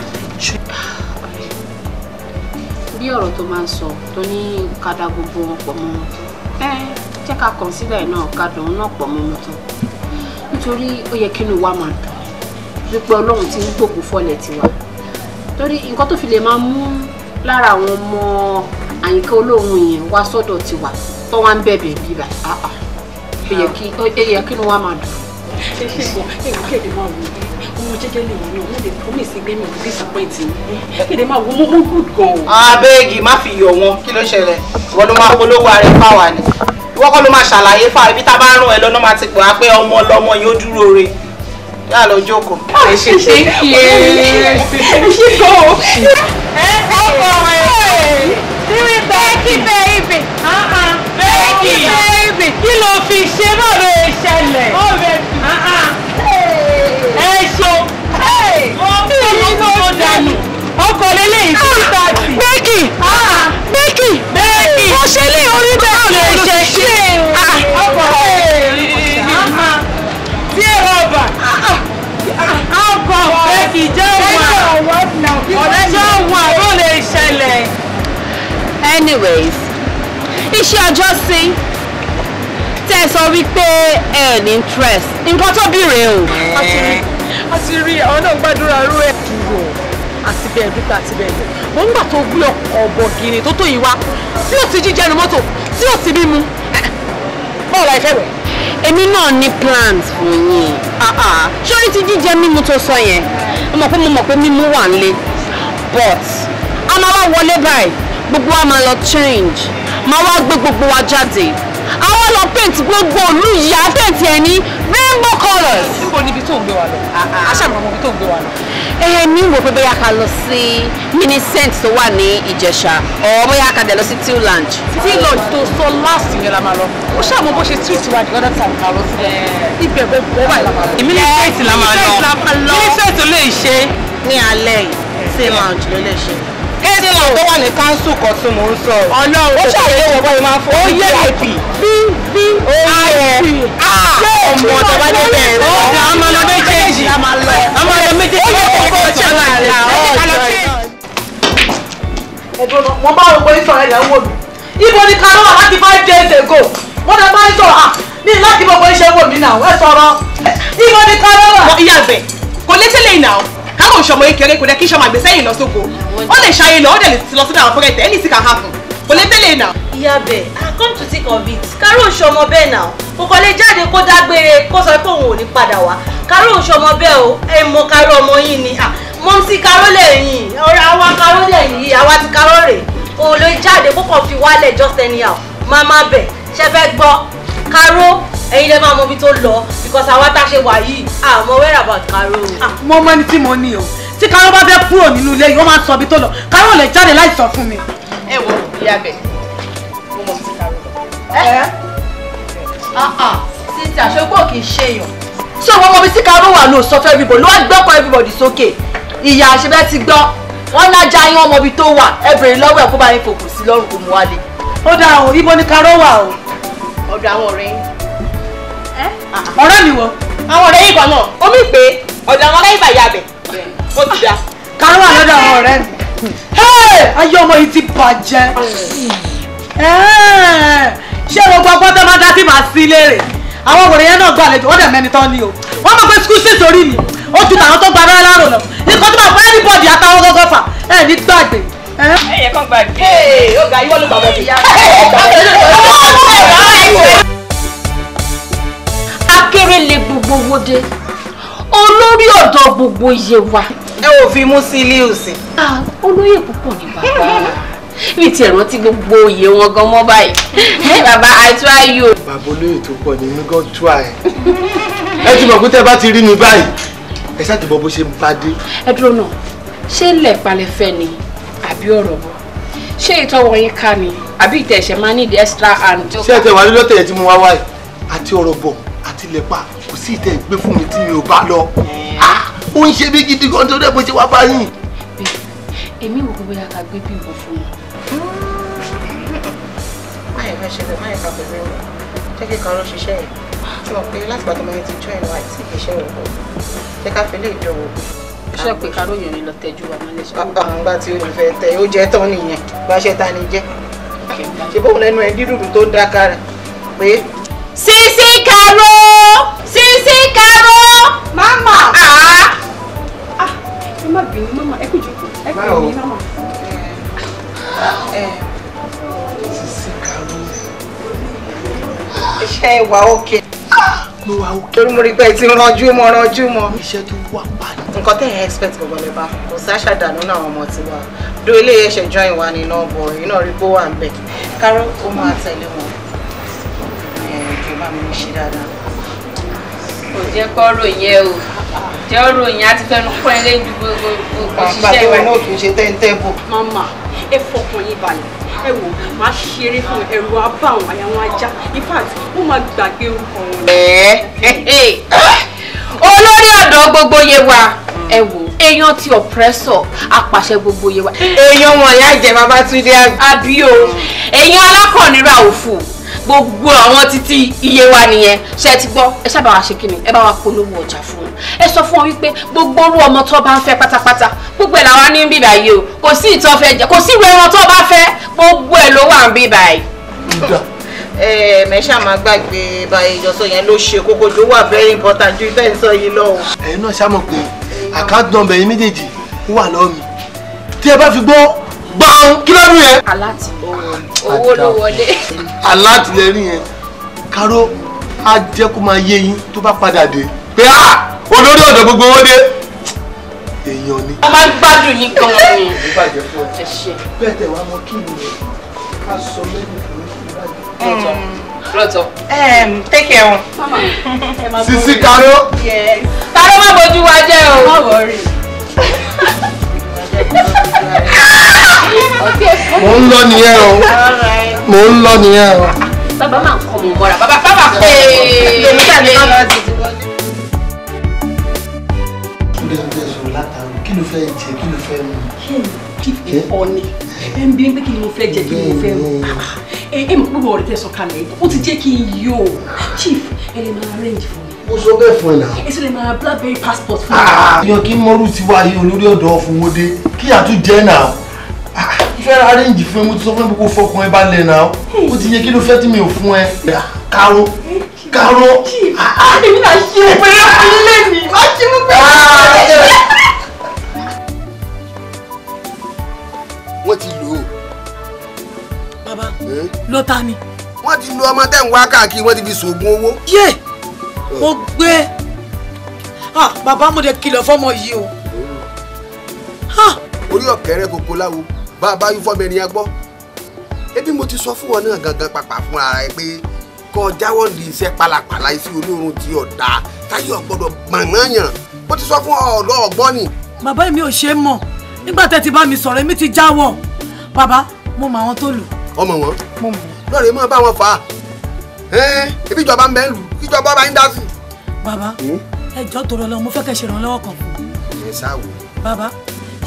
bí ọ̀rọ̀ tó máa ń sọ tó ní ká da gbogbo wọn pọ̀ mọ́ wọn ẹ jẹ́ ká consider ẹ̀ náà ká dùn ún náà pọ̀ mọ́ wọn tán nítorí ó yẹ kí inú wa máa dùn wípé ọlọ́run ti ń gbòkú fọ́lẹ̀ tiwa torí nǹkan tó fi lè máa mú lára àwọn ọmọ àyíká olóhùn yẹn wá sọ́dọ̀ tiwa tó wá ń bẹ̀bẹ̀ bíbá ẹyẹ kí ẹyẹ kí ni wọn máa dùn. ẹ ṣe sọ ẹ wò kéde máa wò ọmọ jẹjẹ lè wà náà wọn lè promise gbé mi disappoint mi kéde máa wò mo mo good gan. abẹ́ẹ̀gì má fi yọ̀ wọn kí ló ṣẹlẹ̀ wọn ló máa polówó ara ẹ̀ fáwa ni wọ́n kọ́ ló máa ṣàlàyé fáwa ibi tá a bá ń rún ẹ lọ́nà máa ti pè á pé ọmọ ọlọ́mọ yóò dúró re yà lọ jókòó. Ah, ẹ ṣe ṣe kí ẹ ẹ ṣe kó o. ẹ ẹ ọkọ rẹ ṣe wípé kí bẹ́ẹ̀ ibè baby baby kí ló fi ṣe bọ́ọ̀lù ìṣẹ̀lẹ̀. Ah, ah. ẹ ṣo ọmọ tó dànù ọkọ̀ lélẹ́yìn tó tàbí. bẹ́ẹ̀kì bẹ́ẹ̀kì bẹ́ẹ̀kì ó ṣe lé orí bẹ́ẹ̀ lè ṣe ṣe. Ah. tí ẹ rọba ọkọ̀ bẹ́ẹ̀kì jẹ́ wà ọ̀rẹ́ jẹ́ wà ló lè ṣẹlẹ̀. anyways débi iṣẹ́ ọjọ́ sí tẹ́ ẹ sọ wípé ẹ ní interest nǹkan tó bìrè o. a ti rí àwọn náà gbàdúrà rú ẹ. dúró àti bẹ́ẹ̀ dúpẹ́ àti bẹ́ẹ̀ lọ wọ́n gbà tó gbé ọkọ̀ bọ̀gìnì tó tó yìí wá tí ò ti jíjẹ nu mọ́tò tí ò ti mímu bọ́ọ̀lù àìfẹ́ wẹ̀. èmi náà ní plans fún yín sórí ah, ah. ti jíjẹ mímu tó sọ yẹn mo mọ̀ pé mo mọ̀ pé mímu wà ń lé but a máa wá wọlé báyìí gbogbo a máa lọ change máa wá gbé gbogbo wa jáde àwọn lọ paint gbogbo òlú yìí á paint ẹ ní rainbow colours. níbo níbi tó ń gbé wa lọ aṣàmì ah, ah. àwọn ibi tó ń gbé wa lọ. ẹ ní ìwò pé bóyá ká lọ sí miniscent tó wà ní Ìjẹ̀ṣà ọ̀ọ́ bóyá ká dẹ̀ lọ sí till lounge. till lounge tó sọ last yẹn la máa lọ ó ṣàmọ bó ṣe tweet wa the other time ká lọ sí ibẹ̀ gbogbo wà la máa lọ. miniscent la máa lọ miniscent ló lè ṣe. ní alẹ́ yìí till lounge ló lè ṣe èèyàn tó wà ní kánsù kan tí mò ń sọ ọlọ́run ó ṣàlàyé wọn báyìí máa fún oyè ip bí bí ip ṣé ọmọ tó bá dé bẹ́ẹ̀ lọ ọmọ ọmọ méjèèjì ọmọ ọmọ méjèèjì ó yẹ kó ṣe àlàyé ọjọ́ mo bá wọn pé sọ̀rọ̀ ẹ̀yà ń wò mí ibo ni ká lọ́wọ́ láti five days ago wọ́n dẹ̀ máa ń sọ̀rọ̀ à ní láti gbogbo iṣẹ́ wò mí náà ẹ sọ̀rọ̀ ibo ni ká lọ́wọ́. ìyá àgbẹ̀ kò létí lè nà ó táwọn ìṣọmọ yìí kéré kò dẹ kí ìṣọmọ àgbẹ̀ sẹ́yìn lọ sóko ó lè ṣayé lọ ó dẹ̀ lè lọ sódà àwọn fọ́rẹ́ tẹ̀ anything can happen kò lè tẹ́lẹ̀ nà. ìyá bẹ́ẹ̀ i come to think of it káró ìṣọmọ bẹ́ẹ̀ náà kò kàn lè jáde kó dágbére kó sọ pé òun ò ní padà wá káró ìṣọmọ bẹ́ẹ̀ o ẹ mọ káró ọmọ yìí ni ah, mọ́mísí káró lẹ́yìn ọ̀rẹ́ àwa káró lẹ́yìn àwa ti káró rè òun lè jáde kó kàn fi wálẹ̀ just anyhow máa má bẹ̀ ṣẹ fẹ́ gbọ́ karo ẹ̀yin lè máa mọ ibi tó lọ because àwa tá a ṣe wà yìí àmọ́ where about karo. Ah, mo mọ ẹni tí mo ní o tí karo bá fẹ́ kúrò nínú ilé yìí ó máa sọ ibi tó lọ karo lè jáde láì sọ fún mi. ẹ wo ìyá bẹ mo mọ ti karo lọ. ẹ ẹ títí ah, ah. àṣọgbọ́n kì í ṣe èèyàn. ṣé wọ́n mọ ibi tí karo wà ló sọ fún everybody ló wá gbọ́kọ̀ everybody sókè ìyá àṣebẹ́ ti gbọ́ wọ́n lájà yín ọmọ ibi tó wà ẹ bèrè lọ́wọ́ ẹ̀ kó bá yín fòkùn sí lọ́rùn kó mú wálé. ó dáa o ibo ni karo ọ̀dọ̀ àwọn ọ̀rẹ́ yín. ọ̀rẹ́ mi wo. àwọn ọ̀rẹ́ yìí kan náà omi pé ọ̀dọ̀ àwọn aláìbá ìyá bẹ̀ ó ti da. kárọ̀ àlọ́dọ̀ àwọn ọ̀rẹ́ mi. ayé ọmọ yìí ti bàjẹ́. ṣé gbogbo ọgbọ́n tó máa dá sí màá sí léèrè àwọn ọ̀rẹ́ yẹn náà gbọ́ àlejò wọ́n dẹ̀ mẹ́ni tán ni o wọ́n mọ̀ pé skul ṣe torí mi ó ju tàwọn tó gba rárá rò lọ nǹkan tó bá fẹ́ẹ́ bọ́ọ̀dì àtàwọn gọ́gọ́fà ẹ̀ ní gbàgbé ẹ̀yẹ kan gba ìdí. ọ̀gá ìwọ ló bàbá ìyá. akérèlé gbogbo wọdé olórí ọ̀dọ́ gbogbo iye wa. ẹ ò fi mú sí ilé òsìn. olóyè púpọ̀ ni bàbá mi ti ẹ̀rọ tí gbogbo òye wọn gan mọ́ báyìí bàbá I try you. bàbá olóyè tó pọ̀ ní mi gan try ẹ ti mọ̀ pé tẹ́ bá ti rí mi báyìí ẹ ṣáà ti bọ bó ṣe ń bá dé. ẹ dúró náà ṣé ilẹ̀ ìpalẹ̀ fẹ́ ni àbí ọ̀rọ̀ bọ̀ ṣé ìtọ́wọ́ yín ká ni àbí ìtẹ̀ṣẹ̀ máa ní the extra hand. ṣé ẹ̀tẹ̀ wà ní lọ́tẹ̀ tí mo wá wáyé àti ọ̀rọ̀ bọ̀ àti lẹ́pà kò sí ìtẹ̀ gbé fún mi tí mi ò bá lọ. Ah, ó ń ṣe bí gidi gan tó dẹ́ bó ṣe wá bá yín. èmi wò pé bóyá ká gbé bí ìbò fún mi. báyìí fẹ́ ṣẹlẹ̀ báyìí ká pẹ̀lú ẹ̀rọ jẹ́ kí kan ló ṣiṣẹ́ yìí tí mo pe láti pàtó mọ́ ẹni ti join wa àti ìṣẹ́ òògùn jẹ́ iṣẹ́ pé karóyìn ni lọ tẹ́jú wa o fẹ́ tẹ ó jẹ́ tán nìyẹn bá ṣe ta ni jẹ́ ṣe bóun lẹ́nu ẹ̀ dídùn tó ń dáka rẹ̀ pé. sisi karo sisi karo. mama. Ah! Ah, ẹ má bínú mama ẹ kò jókòó ẹ kò ní mama. Eh, eh. sisi karo. iṣẹ́ ìwà òkè. Ah! mo wà òkè. torí mo rí pé ti ranjú mọ ranjú mọ. iṣẹ́ tó wà pàdé. nǹkan tẹ̀ ẹ́ expect gbogbo lè bá kò sáṣà dànù náà àwọn ọmọ ti wà do ilé ẹ̀ṣẹ̀ join wa nínú ọ̀bọ̀ iná rí bó wà ń bẹ̀. kárọ́ ó máa tẹ̀lé wọn ẹ̀ẹ́dùn bá mi ṣe dáadáa. kò jẹ́ kọ́rọ̀ yẹ o jẹ́ ọ̀rọ̀ yẹn á ti fẹ́nu pọ́n ilé ju gbogbo òṣìṣẹ́ ìwà. pàápàá tó wọn náà kì í ṣe tẹ́ńtẹ́ bò. mama ẹ fọkàn yín balẹ̀ ẹ wò má ṣeré fún ẹrù abáwọn àyàwọn ajá in fact ó máa gbàgbé orúkọ wọn. olórí ọ̀dọ́ gbogbo yé wa ẹ wò èèyàn ti oppressor apàṣẹ gbogbo yé wa èèyàn wọn ìyá ìjẹ bàbá Túndé àbí o èèyàn alákọ̀ọ́nira òfò gbogbo àwọn títí iye wa nìyẹn ṣe ti gbọ́ ẹ ṣáà bá wa ṣe kíni ẹ bá wa polówó ọjà fún wọn ẹ sọ fún wọn wípé gbogbo orú ọmọ tó bá ń fẹ́ pátápátá gbogbo ẹ̀ làwa ní bíbà yìí o kò sí ìtọ́ fẹ́ jẹ kò sí ìwé ẹran tó bá fẹ́ gbogbo ẹ̀ ló wà ń bíbà yìí. ẹ mẹ́ṣà máa gbàgbé báyìí ìjọsọ yẹn ló ṣe kókó ló wà very important ju ìfẹ́ ìsọ yìí lọ. ẹ̀yin náà ṣàmọ̀ pé àkáǹtì nọ́mbà yín méjèèjì wà lọ́ọ̀ mi tí ẹ bá fi gbọ́ gbọ́n kí ló dún yẹn. Um, owó ló wọlé. alátìlẹ́rìn yẹn káró á jẹ́ kó máa yé yín tó bá padà dé pé á olórí ọ̀dọ̀ gbogbo owó dé èèyàn ni. a máa ń gbádùn yín gan-an ni. ìbàjẹ́ fún ẹ bẹ́ẹ̀ tẹ̀ wá mọ kí ni ká sọ lẹ́nu ìwé ìbàjẹ́. Mm. take care wọn. sisi karo. karo má bójú wa jẹ́ o. má wọrí. <laughs> mo ń lọ nìyẹn o mo ń lọ nìyẹn o. bàbá máa ń kọ́ mi mọ́ra bàbá bàbá pé èmi tàbí má lọ sí. túnde túnde sọ̀rọ̀ látàrí kí ló fẹ́ jẹ kí ló fẹ́ mu. kí ni ọ̀nì ẹ̀ ń bí pé kí ni mo fẹ́ jẹ kí ni mo fẹ́ mu ẹ mọ̀ púpọ̀ ọ̀rẹ́ tẹ̀sán kalẹ̀ ó ti jẹ́ kí n yó o chief ẹ lè máa arrange fún mi. mo sọ bẹ́ẹ̀ fún ẹ náà. èso lè máa blackberry passport fún mi. Ah! yan kí mọ́rù ti wáyé olórí ọ̀dọ́ fowó dé kí àtúnjẹ náà fẹ́ arrange fún ẹ mo ti sọ fún ẹ pé kó fọkàn ẹ balẹ̀ náà ó ti yẹ kí ló fẹ́ tí mi ò fún ẹ káró káró. Ah, èmi náà ṣe é pé ó fi lé mi má ṣe mú pé ah, wọ́n ti lò ó. bàbá ló ta ni. wọ́n ti lo ọmọ tẹ́ káàkiri wọ́n ti fi ṣoògùn owó. yé mo gbé ah, bàbá mo lè kìlọ̀ fọ́mọ yìí o. orí ọ̀kẹ́rẹ́ kòkó láwo bá a bá yú ẹni yẹn gbọ́ ebi mo ti sọ fún wọn náà gangan pàpà fúnra rẹ pé kọ́ jáwọ́ ní iṣẹ́ pálapàla iṣẹ́ olóorun ti ọ̀dà táyé ọ̀gbọ́dọ̀ mọ̀nàyàn bó ti sọ fún ọ̀dọ́ ọ̀gbọ́n ni. bàbá mi ò ṣe é mọ̀ nígbà tẹ́ ti bá mi sọ̀rọ̀ èmi ti jáwọ́ bàbá mo mọ àwọn tó lù. ọmọ wọn lọ́ọ̀rẹ́ mọ́ bá wọn fà á ibi ìjọba ń bẹ́ lù ìjọba bá ń dá sí. bàbá hmm? ẹjọ́ tó rọ lọ mo fẹ́ kẹ́ ṣèrànlọ́wọ́ kan. ẹ sáà wò. bàbá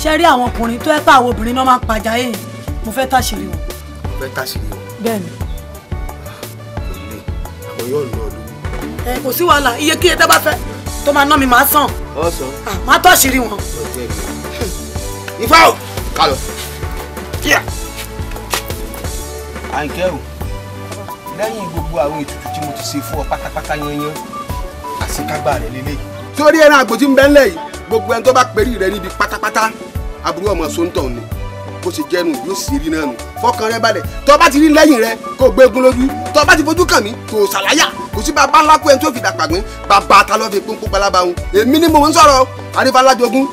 ṣe rí àwọn ọkùnrin tó ẹ pé àwọn obìnrin náà máa ń pàjá yìí mo fẹ́ tàṣírí wọn. mo fẹ́ tàṣírí wọn. bẹ́ẹ̀ni. lónìí àwọn yóò lọ ọdún. ẹ kò sí wàhálà iye kí ẹ dábàá fẹ́ tó máa ná mi máa sàn. ọ sàn. máa tàṣírí wọn. ifá o kálọ kíá. àǹkẹ́ o lẹ́yìn gbogbo àwọn ètùtù tí mo ti ṣe fún ọ pátápátá yanyan àṣekágbá rẹ lélẹ́yìí. torí ẹran àgbò tí ń bẹ yìí gbogbo ẹni tó bá perí rẹ níbi pátápátá aburú ọmọ sóńtọ̀ ni kó ṣe jẹ́nu yóò sì rí náà nù fọkàn rẹ balẹ̀ tó bá ti rí lẹ́yìn rẹ kó gbé egun lójú tó bá ti fojú kàn mí kò ṣàlàyà kò sí bàbá ńlá kó ẹni tó fi dàgbà gbé bàbá ta ló fi pín kó balaba ń èmi ni mò ń sọ̀rọ̀ àrífàlájogún.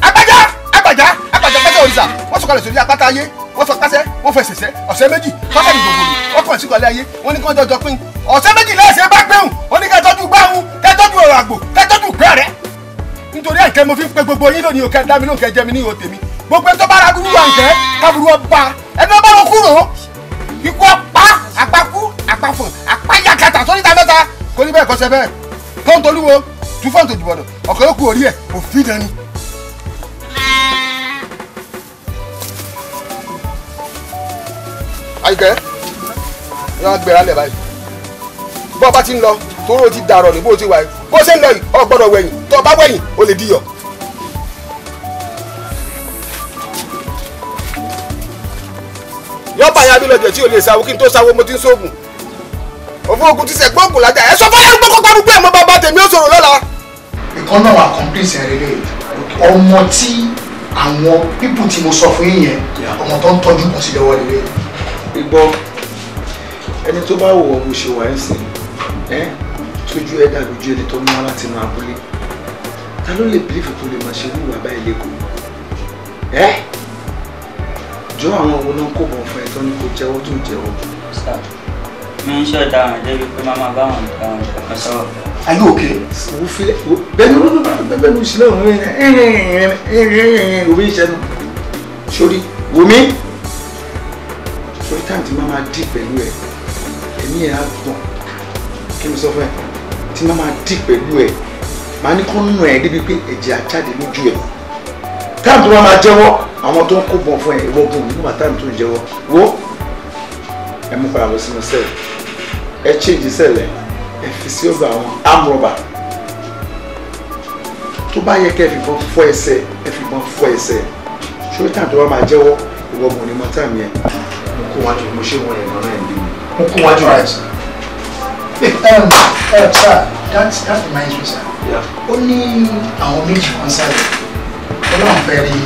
àgbàjá àgbàjá àgbàjá pẹ́tẹ́ òrìṣà wọ́n sọ̀kalẹ̀ sórí apáta ayé wọ́n sọ pásẹ́ wọ́n fẹsẹ̀ sẹ́ ọ̀sẹ̀ méjì kọ́sẹ̀ ìgbòho wọ́n kàn nítorí àìkẹ́ mo fi ń pe gbogbo yín lónìí òkè dámi lóǹkẹ́ jẹ́mi ní ihò tèmi gbogbo ẹni bá ra gúrú wa ǹkẹ́ káburú ọba ẹni tó bá lọ kúrò ikú apá àpakú àpafọ̀n àpáyàkàtà tó níta mẹ́ta kò ní bẹ́ẹ̀ kọ́sẹ́ bẹ́ẹ̀ tó ń tún fọ́ǹtò jùbọ̀dọ̀ ọ̀kọ́ yóò kú orí ẹ̀ òfin dání. àìkẹ́ ìyá gbẹ̀rẹ̀ alẹ̀ báyìí bọ́ọ̀ bá ti ń lọ toró ti dàrọ̀ níbo ti wà yìí bó ṣe ń lọ yìí o gbọ́dọ̀ wẹ̀yìn tó o bá wẹ̀yìn o lè dìyọ̀. yọ́pà yẹn abilọ̀jẹ̀ tí o lè sáwó kí n tó sáwó mo ti ń sóògùn òfin ogun ti sẹ̀ gbóògùn lájà ẹ̀ sọ fún arúgbó kọ́kọ́ arúgbó ẹ̀ mọ bàbá tèmi ó sọ̀rọ̀ lọ́la. ìkan náà wà kọ́ńpìlìsì rere ọmọ tí àwọn pípù tí mo sọ fún yín yẹn ọmọ tó ń tọ́jú kù sí lọ́wọ́ rere. ìgbọ́ ẹni tó bá wọ̀ ọ́ mo ṣe wà ẹ́ sìn tójú ẹ dàbí ju ẹni tó mú wá láti inú abúlé ta ló lè bílífù tó lè máa ṣe ní ìwà báyìí lẹ́kọ̀ọ́ ẹ́ jọ àwọn owó náà kò bọ̀ fún ẹ tó ní kò jẹ́wọ́ tó jẹ́wọ́. mi ń ṣe ọ̀daràn débi pé máa máa bá àwọn ọ̀daràn kankan sọ̀rọ̀. ayé òkè wò filẹ̀ wò bẹ́ẹ̀ni ló ló bá bẹ́ẹ̀ ló ṣílẹ̀ òun òwe ìṣẹ́nu sórí wò mí sórí táǹtì máa máa dì pẹ̀lú ẹ̀ ẹ̀mí ẹ̀ á gbọ̀n kí n sọ fún ẹ tí máa máa dì pẹ̀lú ẹ̀ máa ní kó nù ẹ̀ débi pé ẹ̀jẹ̀ àjáde lójú ẹ̀ táàmù tó máa máa jẹ́wọ́ àwọn tó ń kó bọ̀ fún ẹ̀ ìwọ bùn nígbà táàmù tó ń jẹ́wọ́ wo ẹ mú padà lọ sínú sẹ́ẹ̀lì ẹ chíǹjì sẹ́ẹ̀lì ẹ fi sí ọgbà àwọn amúrọ̀bà tó bá yẹ kẹ́ ẹ fìbọn fọ́ ẹsẹ̀ ẹ fìbọn fọ́ ẹsẹ̀ ṣórí táàmù tó máa máa jẹ́wọ́ ìwọ bùn ní mọ táàmù yẹn mo kó wájú mo ṣé wọn ẹ̀ lọ́rọ̀ ẹ̀ um, sir, that, that reminds me, sir. Yeah. Ó ní àwọn méjì kan sáré. Ọlọ́run fẹ́ rí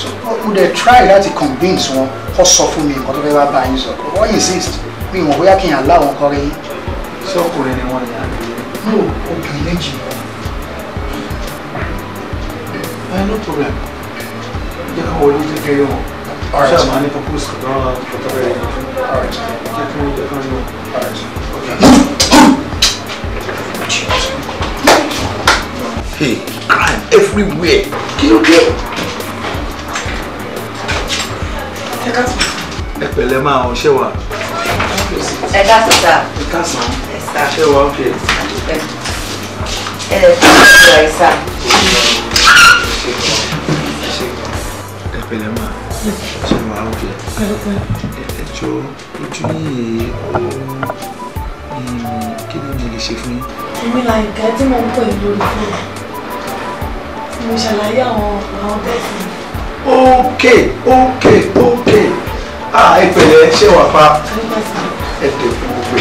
So, mo dẹ̀ try to convince wọn kó so fún mi nǹkan tó fẹ́ wá bá yín insist mi ìwọ̀n bóyá kí n àlá àwọn kọ́ rí yín. Ṣé ọkùnrin ni No, obìnrin méjì. Ẹ eh, no problem. You can hold it kéré wọn. Ṣé àmà ní purpose kò dára kò tọ́pẹ́ rẹ̀? Jẹ́ Jesus. Hey, crime everywhere. Kí ló dé? Ẹ pẹ̀lẹ́ máa ọ ṣé wa. Ẹ ká sọ sáà. Ẹ ká sọ. Ẹ sá. Ṣé wa ok? Ẹ lè fún ìṣòro ẹ sá. Ẹ pẹ̀lẹ́ máa ṣé wa ok? kí ni mo ṣe fún yín? èmi là ń tí mo ń pè lórí fún mi mo ṣàlàyé àwọn àwọn bẹ́ẹ̀sì. ok ok ok ah ẹ pẹ̀lẹ́ ṣé wàá pa ẹ dẹ̀ fún gbogbo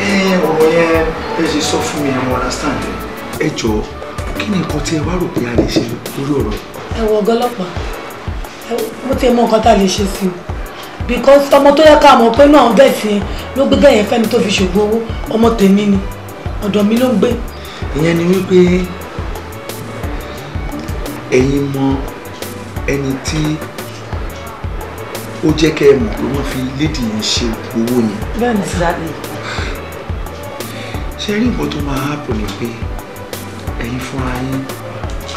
ẹ̀ ọ̀rọ̀ yẹn ẹ ṣe sọ fún mi ẹ mọ understand ẹ jọ kí ni nǹkan tí ẹ wá rò pé a lè ṣe lórí ọ̀rọ̀. ẹ wọ ọgá ọlọ́pàá mo ti mọ nǹkan tá a lè ṣe sí because ọmọ tó yẹ ká mọ̀ pé inú àwọn bẹ́ẹ̀ sí ló gbégbé yẹn fẹ́ni tó fi ṣògbó owó ọmọ tèmi ni ọ̀dọ̀ mi ló ń gbé ìyẹn ni wípé ẹ̀yin mọ ẹni tí ó jẹ́ kẹ́ ẹ mọ̀ pé wọ́n fi lédi yẹn ṣe owó yẹn. bẹ́ẹ̀ ni sílẹ̀. ṣé rí nǹkan tó máa hápò ni pé ẹ̀yin fúnra yín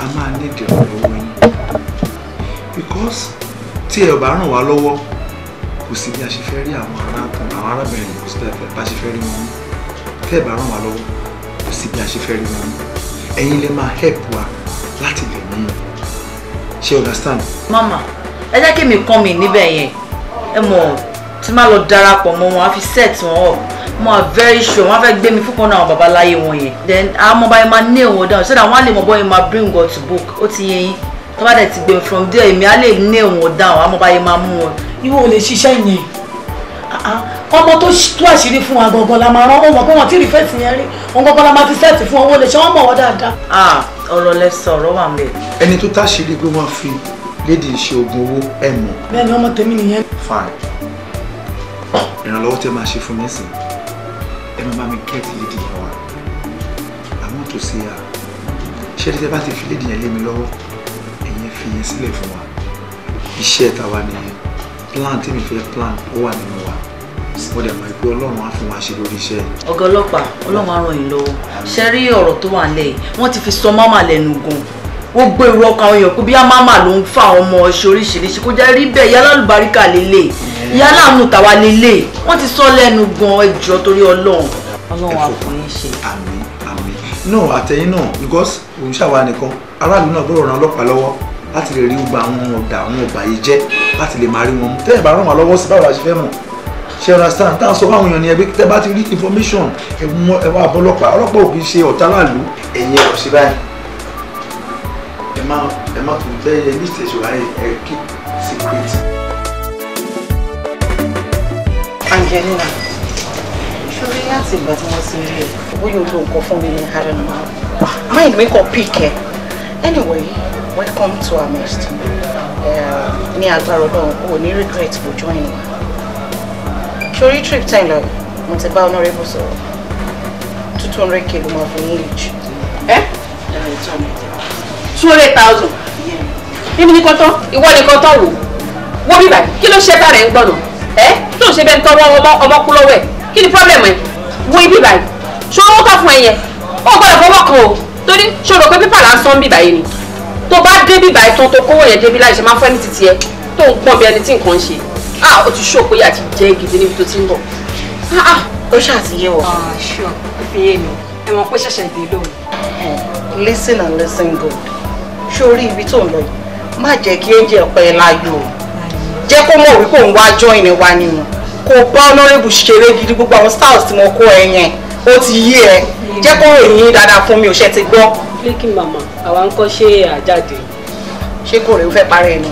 a máa ní ìdìrọ̀ lọ́wọ́ yín because tí ẹ bá ràn wá lọ́wọ́ kò sí bí a ṣe fẹ́ rí àwọn arábìnrin kò sí bí a ṣe fẹ́ rí wọn tẹ́ ẹ̀ bá ràn wá lọ́wọ́ kò sí bí a ṣe fẹ́ rí wọn ẹ̀yin lè máa help wa láti lè mú un ṣe understand. mama ẹ jẹ́ kí mi kàn mí níbẹ̀ yẹn ẹ mọ̀ tí má lọ darapọ̀ mọ́ wọn á fi set wọn up mo are very sure wọn á fẹ́ gbé mi fún kan náà àwọn babaláyé wọn yẹn then àwọn ọmọ báyìí máa ní èèwọ̀n down so that wọn á lè mọ̀ bọ́yìn máa bring God to book ó ti yẹ yín tó bá dẹ̀ ti gbé from there èmi á lè ní èèwọ̀n down àwọn ọmọ báyìí máa mú wọn. ìwọ ò lè ṣiṣẹ́ yẹn ah, ah ọmọ tó tú àṣírí fún wa gangan la máa rán ọmọ pé wọn ti rí fẹsì yẹn rí òun gangan la máa fi sẹẹtì fún owó lè ṣe wọn mọ wọn dáadáa. a ọ̀rọ̀ lẹ sọ̀rọ̀ wà mẹ. ẹni tó táṣìírí pé wọn fi léde ṣe oògùn owó ẹ mọ. bẹ́ẹ̀ni ọmọ tèmi nìyẹn. fine ìrànlọ́wọ́ tẹ máa ṣe fún mi sìn ẹ máa bá mi kẹ́ẹ̀tì lédi yẹn wá àwọn tó ṣe à ṣé tẹ bá ti fi lédi yẹn lé mi lọ́wọ́ ẹ̀yin fi yẹn sílẹ̀ fún wa iṣẹ́ tàwa nìyẹn plan tí mi fẹ́ plan ó wà nínú wa ó dẹ̀ mọ̀ pé ọlọ́run á fún wa ṣe lórí iṣẹ́. ọ̀gá ọlọ́pàá ọlọ́run á ràn yín lọ́wọ́ ṣe rí ọ̀rọ̀ tó wà lẹ́yìn wọ́n ti fi sọ máma lẹ́nu gan ó gbé irú ọkàn ọyàn pé bíyá máma ló ń fa àwọn ọmọ ọṣẹ oríṣiríṣi kó jẹ́ rí bẹ́ẹ̀ yálà lùbáríkà lélẹ̀ yálà àánú tàwa lélẹ̀ wọ́n ti sọ lẹ́nu gan ẹjọ́ torí ọlọ́run ọlọ́run á fún yín ṣe. àmín àmín náà àtẹ̀yìn náà because òun ṣàwa nìkan aráàlú náà gbọ́dọ̀ ran ọlọ́pàá lọ́wọ́ láti lè rí gbogbo àwọn ọ̀dà àwọn ọ̀bàyéjẹ́ láti lè máa rí wọn mú tẹ́yìn bá ràn wá lọ́wọ́ sí báwo la ṣe fẹ́ ṣe understand tá a sọ fáwọn èèyàn ni ẹbí tẹ bá ti rí information ẹwà ọlọ́pàá ọlọ́pàá ò kì í ṣe ọ̀tá láàlú ẹ̀yìn ẹ̀rọ sí báyìí ẹ má ẹ má tún fẹ́ yẹ ní ìṣẹ̀ṣọ́ ayé ẹ kí secret. Angelina ṣorí láti ìgbà tí wọ́n ti rí ẹ bóyá olú nǹkan fún mi ní harem ma mind mi kàn pick ẹ anyway welcome to our next ní agbára ọlọ́run kò ní regret for joining sórí trip ten lọ mo ti bá honorable sọ̀rọ̀ two hundred k ló máa fún yín each. ẹ eh? two hundred thousand níbi ní kọ́tọ́ ìwọ ní kọ́tọ́ wò wó bíbà kí ló ṣe tá rẹ̀ ń gbọ́nà ẹ eh? tó ń ṣe bẹ́ẹ̀ ń tọwọ́ ọmọ ọmọ kú lọ́wọ́ ẹ kí ni problem ẹ wo ibi báyìí ṣó owó tó fún ẹ yẹn ó gbọ́dọ̀ fọwọ́ kan o torí ṣó rò pé pípà là ń san bíbà yìí ni tó bá dé bíbà yìí tán tó kówó yẹn débi láì ṣe máa fẹ́ ní títì ẹ tó ń pọ́n bí ẹni tí nǹkan ń ṣe ah o ti ṣó pé àti jẹ́ gidi níbi tó ti ń bọ̀ ah ah ó ṣàtìyẹ wọ. ah sure fi yé mi ẹ mọ̀ pé ṣẹ̀ṣẹ̀ dé lóhùn. listen and listen good sórí ibi tó ń lọ yìí má jẹ́ kí oúnjẹ pẹ́ láyò o jẹ́ kó mọ̀ wípé òun wá join wa nínú kò bá honorable ṣeré gidi gbogbo àwọn stars tí mo kó ẹ yẹn ó ti yí ẹ jẹ́ kó ròyìn dáadáa fún mi ò ṣe ti gbọ́. flikin mama àwa ń kọ́ ṣe àjáde. ṣé kò rèé ó fẹ́ parẹ́ ni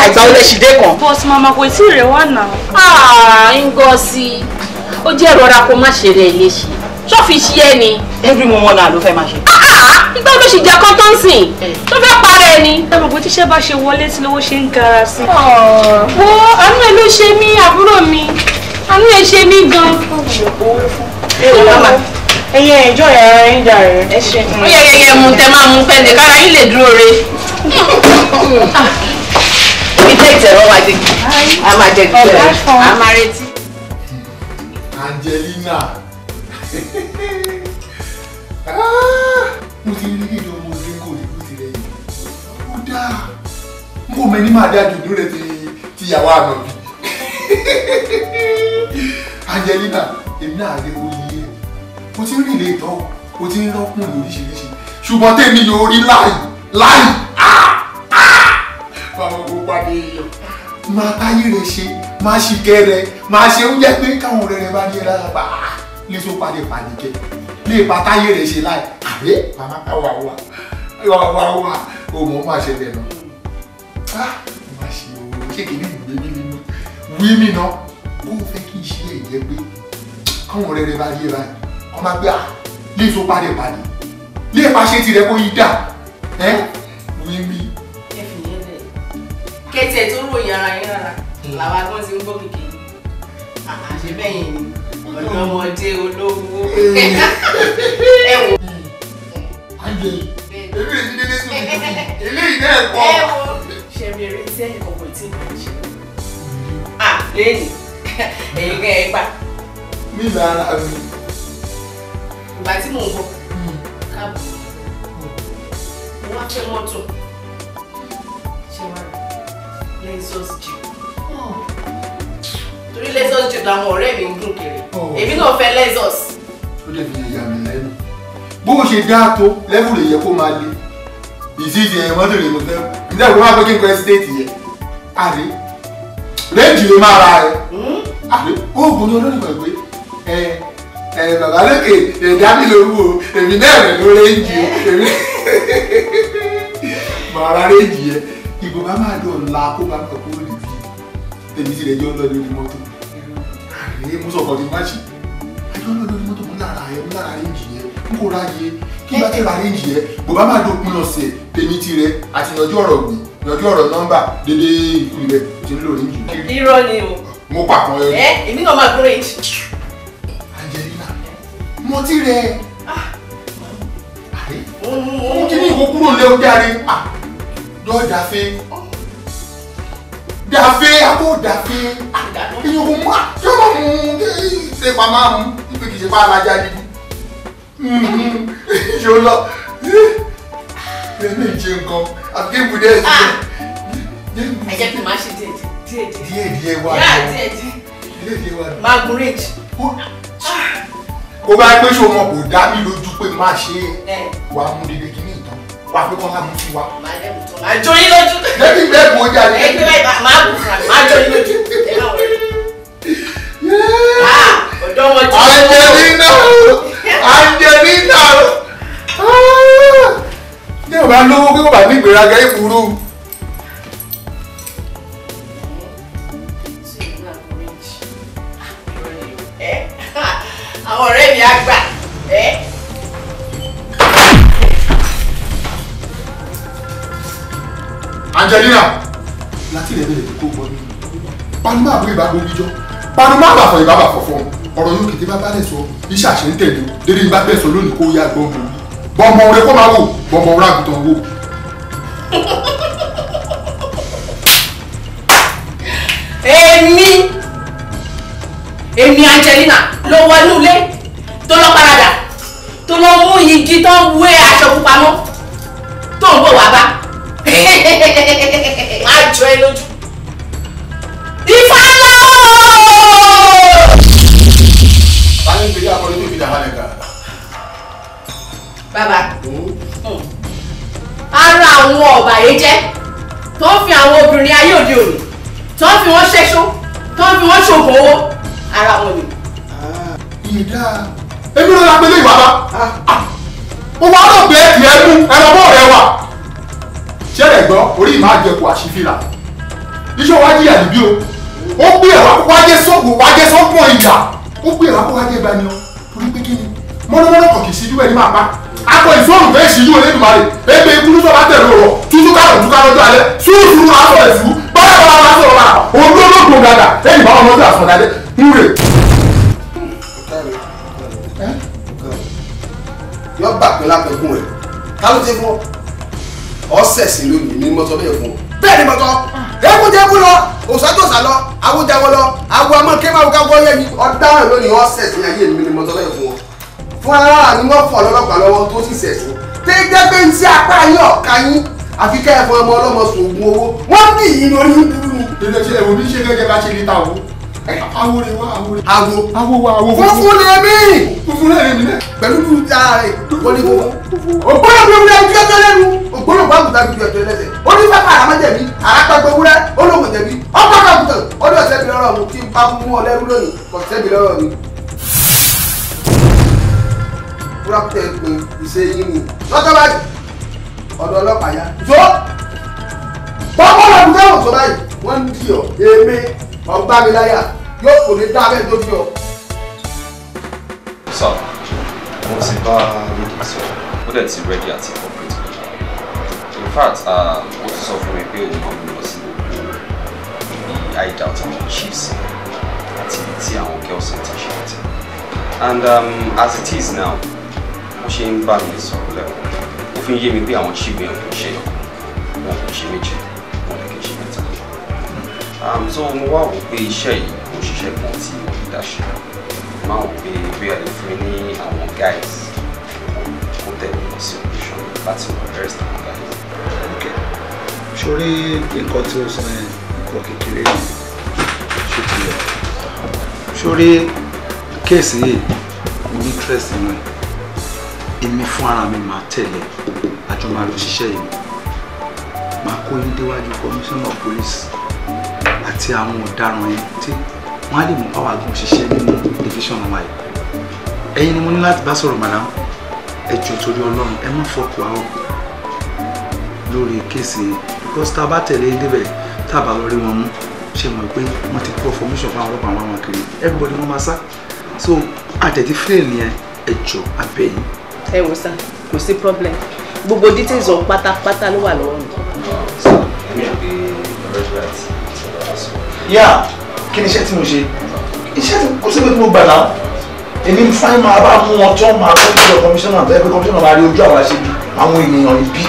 àìgbà olè ṣì dé kan. bọ́ọ̀sì mama kò tí ì rẹ̀ wá nà. Ah, Ngozi ó jẹ́ ìrora kó má ṣe rẹ̀ léṣe ṣọ́ọ̀fì ṣí ẹ ni. every moment náà ló fẹ́ máa ṣe. nígbà ah, ah, tó ṣì jẹ́ kọ́ńtọ́ǹsì tó fẹ́ parẹ́ ni. ẹ mọ̀ pé tíṣẹ́ bá ṣe wọlé tí lówó ṣe ń gara sí. wo àánú ẹ ló ṣe mí àbúrò mi àánú ẹ ṣe mí gan. ẹyẹ ìjọ ẹ ara yín jà rẹ. ó yẹ yẹ yẹ mu tẹ máa mu pẹ́ndẹ̀ kára yín lè dúró re. <laughs> iṣẹ́ ìtẹ̀rọ wa ti a máa jẹ gbígbẹ a máa retí. Angelina ah, mo ti rí kíjọ mo ṣe kò ní kú tirẹ̀ yìí ó dáa n kò mẹ́ni máa dá dùdú rẹ ti ìyàwó àná bí Angelina èmi náà rí oyè mo ti rí ilé ìtọ́ mo ti ń rọ́kùn lóríṣiríṣi ṣùgbọ́n tèmi yóò rí láì láì ah! fáwọn gbogbo àdé èèyàn máa táyé rẹ ṣe máa ṣìkẹ́ rẹ máa ṣe oúnjẹ pé káwọn ọ̀rẹ́ rẹ bá ní ẹ̀rọ àgbà lè tó padì padì jẹ lè pa táyé rẹ ṣe láì àbí màmá wà wà wà wà wà o mọ̀ máa ṣẹlẹ̀ nà á má ṣe o ṣé kìíní ìgbé mi nínú wí mi ná ó fẹ́ kí iṣẹ́ ẹ̀ jẹ́ pé káwọn ọ̀rẹ́ rẹ bá ní ẹ̀rọ àgbà ọmọ àgbà lè tó padì padì lè pa ṣe tirẹ̀ kó yí dà ẹ́ wí mi kẹtẹ tó rò yàrá yàrá làwa gan ti ń gbọ́ kìkì àṣẹ bẹ́yìn ni ọ̀dọ́mọdé olówó <laughs> ẹ wò. àjẹ èmi èmi dédé sí mi eléyìí náà kọ. ẹ wo ṣẹ̀mí eré tí ẹ̀yìn ọ̀pọ̀ tí mo ń ṣe. à lẹ́yìn èyí kẹ́ ẹ gbà. mi là ara mi. ìgbà tí mò ń bọ̀ hmm. káàbọ̀ mo wá fẹ́ mọ́tò lexus jeep torí lexus jeep làwọn ọ̀rẹ́ mi ń gùn kiri èmi náà fẹ́ lexus. ó lè fi ìyá mi lẹ́nu bó ṣe dáa tó lẹ́fù lè yẹ kó máa le ìṣíṣe ẹ̀yẹ mọ́tò lè mọ̀ fẹ́ràn nígbà tó máa pé kí n kọ́ ẹ́sítéètì yẹ àdé rẹ́ǹjì ló máa ra ẹ àdé oògùn ni olórí gbàgbé ẹ ẹ bàbá lókè ẹ̀dá mi lóru o èmi náà rẹ̀ ló rẹ́ǹjì o èmi <laughs> màá ra rẹ́ǹjì yẹ ìbò bá máa jọ ńlá kó bá kọ kúrò nìyí tèmi ti rẹ̀ jọ lọ lórí mọ́tò àrẹ mo sọ̀kọ̀ ní máṣí àjọ lọ lórí mọ́tò mo lára ẹ mo lára rẹ́ǹjì yẹ n kò ráyè kí bá tẹ̀ ra rẹ́ǹjì yẹ bò bá máa dópin ọ̀sẹ̀ tèmi ti rẹ̀ àti yanjú ọ̀rọ̀ gbìn yanjú ọ̀rọ̀ nọ́mbà dédé ìkú rẹ̀ ti ń lò rẹ́ǹjì. irọ́ ni o. mo pàkan ẹ. ẹ èmi náà máa gbọ́ rẹ́ǹjì. Angelina mo ti rẹ̀ ah. àrẹ mo kí ni ìkókúrò lé lọ dàfin dàfin abó dàfin ìyókù mú àjọmọ mú ṣe pa máa mú ibi kìí ṣe pa alájà nínú yóò hmm, lọ lẹ́nu ìṣe nǹkan àti kí n bùdé ẹ̀sìn ah! ẹ jẹ́ kí n máa ṣe díẹ̀ díẹ̀ díẹ̀ díẹ̀ wá kó ah! bá pé ṣo kò dá mi lójú pé má ṣe wàá mú dédé kí wà pé kọ́ńtà mú sí wa. màá jọ yín lójú. lẹ́bí bẹ́ẹ̀ mọ jáde. ẹgbẹ́ bẹ́ẹ̀ máa bù fún mi máa jọ yín lójú. Angelina Angelina ah, ah. ní ọba lówó kí wọ́n bá ní ìgbéraga ìkúrú. Ah, àwọn ọ̀rẹ́ mi á gbà. Angelina láti ilẹ̀ bẹ̀rẹ̀ kó gbọ́ mi panumá àbúrò ìbá gbogbo ìjọ panumá àbàfọ̀ ìbá bàfọ̀ fọ́ ọ̀rọ̀ yóò kété bá balẹ̀ sọ iṣẹ́ àṣẹ ń tẹ̀lé dédé ìbá bẹ̀ sọ lónìí kó yá gbọ́ mi bọ́mọ orin kó máa wò bọ́mọ orin àgùntàn wò. èmi èmi Angelina ló wọ inú ilé tó lọ paradà tó lọ mú igi tó ń wé aṣọ pupa mọ́ tó ń bọ̀ wá bá má jọ ẹ lójú. Ifá lọ. Báyọ̀ ń gbé yá akọ́lé tó fi dàgbà nìkan. Bàbá, ara àwọn ọ̀bàyéjẹ́ tó ń fi àwọn obìnrin ayé òde òní tó ń fi wọ́n ṣẹ́ṣó tó ń fi wọ́n ṣògùn owó ara wọn ni. Ìdá èmi ló la pé lè wá bá. Ah. Mo wá lọ bẹ́ẹ̀ tiẹ̀ mú ẹ̀rọ bọ́ọ̀rẹ́ wa ṣẹlẹ̀ gbọ́ orí ìmọ̀ àjẹkù àṣìfìlà iṣẹ́ wa jìyà níbí o ó gbé ẹ̀rọ kó wájẹ́ sọ́gbọ̀n wájẹ́ sọ́gbọ̀n ìyà ó gbé ẹ̀rọ kó wájẹ́ gbani o torí pé kí ni mọ́nàmọ́nà kàn kì í ṣíjú ẹni máa pa akọ ìfọ́nù fẹ́ ṣíjú Olódùmarè ẹgbẹ́ ikú ló sọ̀rọ̀ àtẹ̀rù rọ̀ tútú kárọ̀ tútú kárọ̀ ọjọ́ alẹ́ sùúrù aṣọ ẹ̀fú báyọ̀ bá wà sọ̀rọ̀ bá òǹdó lóògùn gàgà ẹ̀yìn bá wọn lọ́jọ́ àfọ̀dálẹ́ múre. yọ bàpẹ́ lápẹ̀kún rẹ̀ ká ló ti fún ọ ọ̀sẹ̀sìn lónìí ní mọ́tọ́ bẹ́ẹ̀ fún ọ. bẹ́ẹ̀ ni mọ́tọ́ jẹ́kújẹ́kú lọ òsàtòsà lọ awújáwọ lọ awo amọ kéwàwókáwọ yẹni ọ̀daràn lónìí ọ̀sẹ̀sìn ayé mi ni mọ́tọ́ bẹ́ẹ̀ fún ọ. fún ara ni wọ́n fọ̀ lọ́lọ́pàá lọ́wọ́ tó sì sẹ̀sìn tẹ́ jẹ́ pé ń sí apá yín ọ̀ka yín àfi kẹ́ ẹ̀fọn ọmọ ọlọ́mọ sòògùn awo ni wa awo ni. awo awo wa awo. funfun ni mi. funfun ni mi dẹ. pẹ̀lú bí ara rẹ̀ wọlé fún wa. ògbóló bí wúlẹ̀ ojú ẹjọ́ lẹ́nu. ògbóló bá àgùntàn ju ẹjọ́ lẹ́sẹ̀. ó ní fẹ́fẹ́ àràmọ́jẹ̀bí àràpàgbẹ́ wúrẹ́ olóhùn jẹ̀bí. ọ̀pọ̀ àgùntàn ó ní ọ̀sẹ̀ mi lọ́rọ̀ mi kí n bá mú ọ lẹ́rú lónìí ọ̀sẹ̀ mi lọ́rọ̀ mi kúrápútẹ̀ pé ìṣe yín ni lọ́jọ́ báyìí ọ̀dọ̀ ọlọ́pàá yá. jọ́ bọ́ọ̀bọ́ọ̀lù ọ̀dùnkẹ́ òṣọ́ báyìí wọ́n ń di ọ̀ èmi ọgbà mi láyà yóò kò ní dá abẹ́ tó fi ọ. sọ mo ti bá lókè sọ ó dẹ̀ ti rẹ́dí àti corporate in fact ó ti sọ fún mi pé òun máa ń lọ sí gbogbo ibi àìdá ọ̀tá àwọn chiefs àti ibi tí àwọn girls ń ti ṣe àti and um, as it is now mo ṣe ń bá mi sọ̀rọ̀ lẹ́wọ̀n ó fi ń yé mi pé àwọn chief yẹn kò ṣe ọkùnrin wọn kò ṣe méjì. Um, so mo wá wò pé iṣẹ́ yìí kò ṣiṣẹ́ kan tí ìdáṣe máa guys kó tẹ̀lé lọ sí operation láti wọ arrest guys. Okay. nǹkan tí o sọ yẹn nǹkan kékeré ṣe ti yọ sórí kéèsì yìí mo ní interest nínú ẹ̀ èmi fún ara mi máa tẹ̀lé àjọ máa lọ ṣiṣẹ́ yìí máa kó yín police àti àwọn ọ̀daràn yẹn tí wọ́n á lè mú báwa gan ṣiṣẹ́ nínú tẹlifíṣàn wa yìí ẹ̀yin ni mo ní láti bá sọ̀rọ̀ màdàm ẹ torí ọlọ́run ẹ má fọkù àwọn lórí kéèsì because tá a bá tẹ̀lé e débẹ̀ tá a bá lọ rí wọn mú ṣe mọ̀ pé wọ́n ti kó formation fún àwọn ọlọ́pàá wọn kiri everybody wọ́n máa sá so àtẹ̀tí fail yẹn ẹ abẹ́ yìí. ẹ wò sá kò sí problem gbogbo details ọ̀hún pátápátá ló wà lọ́wọ́ mi yá kí ni iṣẹ́ tí mo ṣe iṣẹ́ tí kò síbi tí mo gbà náà èmi ń fáyín máa bá mú wọn tó máa tó ìjọ kọmíṣánná tó yẹ pé kọmíṣánná máa rí ojú àwọn aṣebi àwọn ènìyàn ibi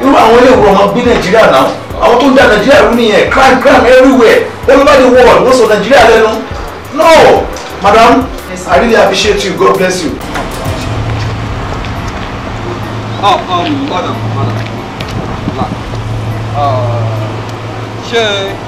irú àwọn ilé ìwòrán gbé nàìjíríà náà àwọn tó to da nàìjíríà rú nìyẹn crime crime everywhere all over the world ló so Nigeria lẹ́nu no madam yes, i really appreciate you god bless you. Oh, um, madam, madam, madam. Uh, ṣé. Sure.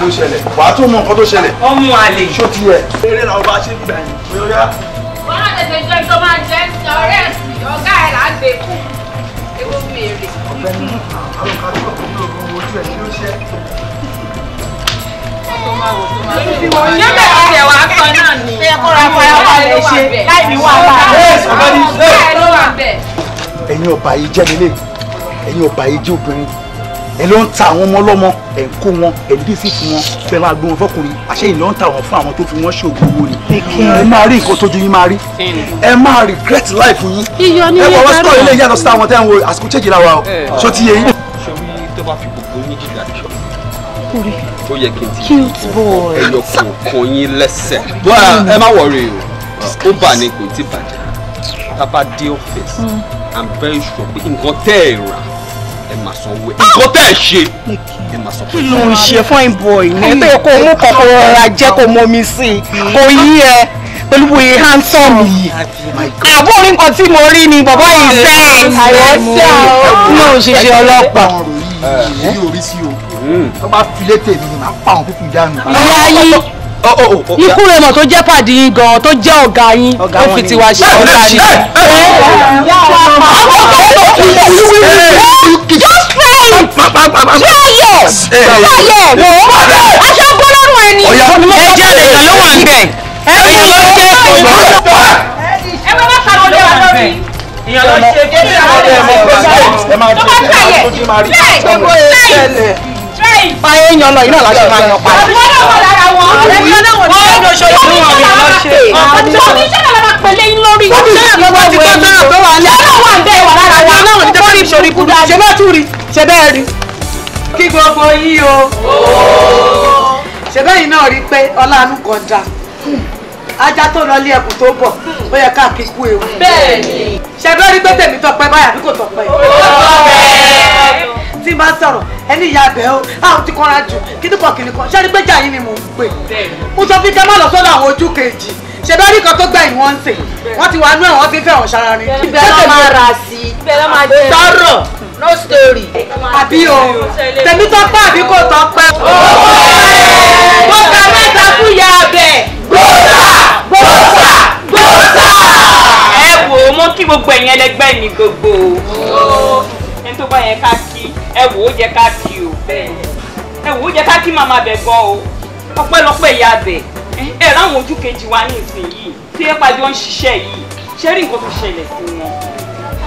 ló ṣẹlẹ̀ wàá tó mọ nǹkan tó ṣẹlẹ̀. ọmọ àlè. ṣó ti yẹ. eré làwọn bá ṣe gbà yín bóyá. wọn á tètè jọ ìjọ máa jẹ ẹsẹ ọ̀rẹ́ ẹsìn ọgá ẹ là á gbé kú ewu mi èrè. ọ̀gbẹ́ni àwọn kan tó kún ní ogun ojú ẹ ṣé ó ṣe. Yọ́bẹ̀ ọ̀rẹ́ wa kan náà ni. Ṣé kó ra fara wa lè ṣe láì ní wàhálà? Ẹ̀yin ọba yìí jẹ́ nílé, ẹ̀yin ọba yìí jẹ́ obìnrin ẹ ló ń ta àwọn ọmọ ọlọ́mọ ẹ̀ ń kó wọn ẹ̀ ń dísí fún wọn bẹ́ẹ̀ máa gbé wọn fọkùnrin àṣẹyìn ló ń ta wọn fún àwọn tó fi wọn ṣe òògùn owó ni ẹ máa rí nǹkan tójú yín máa rí ẹ máa regret life yín ẹ wọ wọ́n sọ̀rọ̀ ilé ìyàtọ̀ sí àwọn tẹ́ ń wo àsìkò change la o ṣó ti yé yín. ó yẹ kí n ti ẹyọ kọ̀ọ̀kan yín lẹ́sẹ̀ ẹ má wọrí o ó bà ní kò tí bàjẹ́ tá ẹ máa sanwó ẹ. Ah! nǹkan tẹ́ ẹ ṣe ẹ máa sanwó. kí ló ń ṣe fine boy ní pé kò mú kòkòrò ra jẹ́ kò mọ sí i kò yí ẹ pẹ̀lú bóyá handsome yìí àbúrò nǹkan tí mo rí ni bàbá yìí fẹ́ àyẹ̀sẹ̀ ọ̀hún òṣìṣẹ́ ọlọ́pàá. yìí orí sí o tó bá filé tèmi ni màá pa àwọn pípì dànù. ìyá yìí ikú rẹmọ tó jẹ́ pàdé yín gan tó jẹ́ ọ̀gá yín ó fi tiwa ṣe ọ̀gá ni. ẹjẹ lèèyàn ló wà ń ẹyìn ló ṣe é kò lọ. ẹ bá bá kàrọ̀ lé wa lórí èèyàn ló ṣe é ṣe pa èèyàn lọ iná láti máa yan pa. àwọn náà wà lára wọn. ẹni ọlọ́wọ̀n ní ọ̀rọ̀ ṣòyìn ní wọn bí wọ́n ṣe. àti oníṣẹ́ náà máa pèlè yín lórí. ó ti tẹ́lẹ̀ lọ́wọ́ ti tọ́jú náà tó wà ní. ṣé náà wà ń bẹ́ẹ̀ wà lára wọn. àwọn náà ń tẹ́lẹ̀ ìṣòrí kú dáa. ṣe bá tún rí ṣe bẹ́ẹ̀ rí. kí gbogbo yín o. ṣe bẹ́yìn náà rí pé ọlánú kan da ajá tó lọ lé ẹkùn tó bọ̀ ó yẹ káàkiri kú ewu. bẹ́ẹ̀ ni. ṣe bẹ́ẹ̀ rí pé tèmi tọpẹ́ báyà bí kò tọpẹ́. ó tọpẹ́ tí n bá sọ̀rọ̀ ẹni ìyá abẹ́ o ti kọ́ra jù kí ní kọ̀kìnì kan ṣé ẹni pé jà yín ni mò ń pè mo sọ fún kẹ́ má lọ sọ́dọ̀ àwọn ojú kejì ṣe bẹ́ẹ̀ nìkan tó gbẹ̀yìn wọ́n ń sè wọ́n ti wà nú ẹ̀wọ̀n ti fẹ́ ọ̀hún ṣara rin. ibẹ̀ ló máa rà sí ibẹ̀ ló máa jẹ́ sọ̀rọ̀ no story. àbí o tèmi tó pẹ́ àbí kò tó pẹ́. gbọ́dọ̀ mẹ́ta fún ìyá abẹ. gbọ́dọ̀ gbọ́dọ̀ gbọ́dọ̀. ẹ wò ó mọ́ kí gbogbo ẹ̀yin ẹlẹgbẹ́ mi gbogbo ẹni tó bá yẹ ká kí ẹ wò ó jẹ ká o ẹ wò ó jẹ ká kí màmá bẹ gan o ọpẹ́lọpẹ́ ìyá bẹ ẹ ráwọn ojú kejì wa ní ìsìn yìí tí ẹ pàjọ ń ṣiṣẹ́ yìí ṣé rí nǹkan tó ṣẹlẹ̀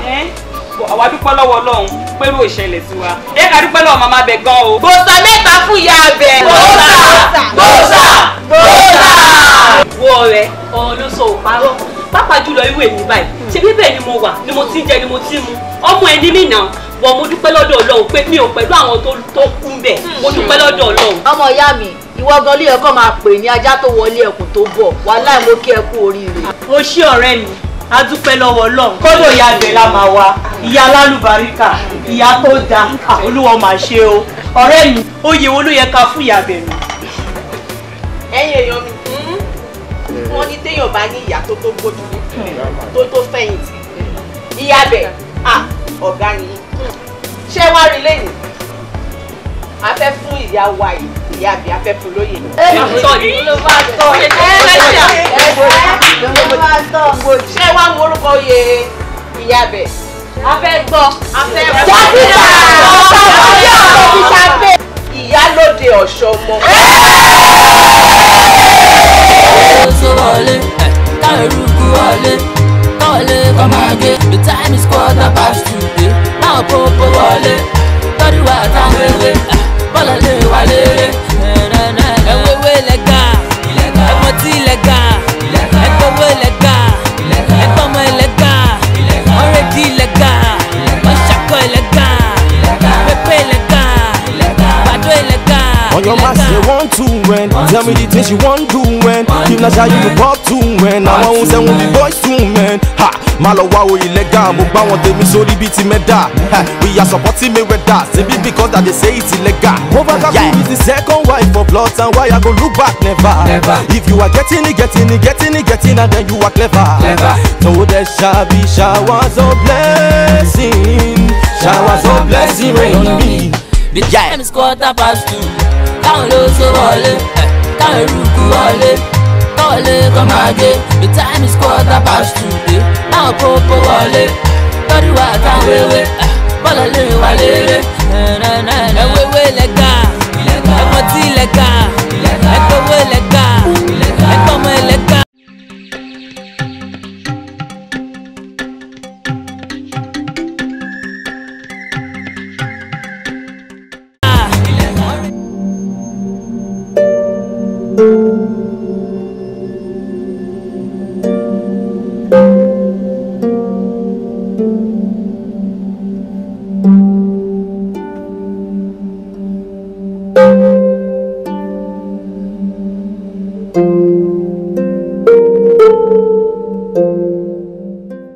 sí wọn àwa dúpẹ́ lọ́wọ́ ọlọ́run pẹ̀lú ìṣẹ̀lẹ̀ sí wa ẹ ká dúpẹ́ lọ́wọ́ màmá bẹ gan o. bòsà mẹ́ta fún ìyá bẹ. bòsà bòsà bòsà. wo ọ̀rẹ́ ọ̀rọ̀ ló sọ òparọ́ pàápàá jùlọ irú èmi báyìí ṣe bí bẹ́ẹ̀ ni mo wà ni mo ti ń jẹ ni mo ti mu ọmọ ẹni mi náà wọ́n mo dúpẹ́ lọ́dọ̀ ọlọ́run pé mi ò pẹ̀lú àwọn tó kú ń bẹ̀ hmm. mo dúpẹ́ lọ́dọ̀ ọlọ́run. ọmọ ìyá mi ìwọ gan lè ẹkọ máa pè ní ajá tó wọlé ẹkùn tó bọ̀ wàláì mo kí ẹ kú oríire. o ṣí ọ̀rẹ́ mi a dúpẹ́ lọ́wọ́ ọlọ́run kọ́dọ̀ ìyá àgbẹ̀ la máa wá ìyá alálùbáríkà ìyá tó da olúwa máa ṣe o ọ̀rẹ́ mi oyè wo ló yẹ ká fún ìyá àgbẹ̀ mi. ẹ̀yin èèyàn mi wọn ní téèyàn bá ní ìyá tó tó gbójú tó tó fẹ̀yìntì ìyá àgbẹ̀ ọ̀gá nìyí ṣé wá rí lẹ́yìn a fẹ́ fún ìyá wa yìí ìyá àbí a fẹ́ fún lóyè. ẹ tọ́ ni ló bá tọ́ ẹ ló bá tọ́ ṣé wá mú orúkọ oyè ìyá bẹ̀ a fẹ́ gbọ́ a fẹ́ gbọ́. dókítà ọ̀sán ọ̀yọ́ dókítà bẹ́ẹ̀. ìyálóde ọ̀ṣọ́ ọmọ. oṣù wọlé ká eruku wọlé kọ́lé kọ́ máa gé the time is quarter past two náà kó kó wọlé torí wà tá a wéwé bọ́lá lè wà lérè. ẹ̀wẹ̀wẹ̀ ilẹ̀ ẹ̀mọ́tí ilẹ̀ your man say one two when Tell me the things you want to when If not shy you go pop to when Àwọn ohun sẹ́wọ̀n bí boys to men ha má lọ wá oyè lẹ́gà mo gbá wọn tèmi sórí bíi ti mẹ́dà we are supporting Mayweather ṣebí because I dey say it's illegal. Overcome yeah. is the second wife of love and why I go look back never. never. If you are getting it, getting it, getting it, getting it, then you are clever. clever. No, there shall be showers of blessing, showers of blessing rain on me. The time is quarter past two káwọn ló ṣe wọlé káwọn eruku wọlé kọ́ọ̀lé kọ́mádé the time is quarter past two dé láwọn pópó wọlé tọ́jú wa káwọn wéwé bọ́ọ̀lù lè wà léré. ẹ̀wéwé lẹ́gà ẹ̀kọ́ tí lẹ́gà ẹ̀kọ́wé lẹ́gà ẹ̀kọ́ ọmọ lẹ́gà.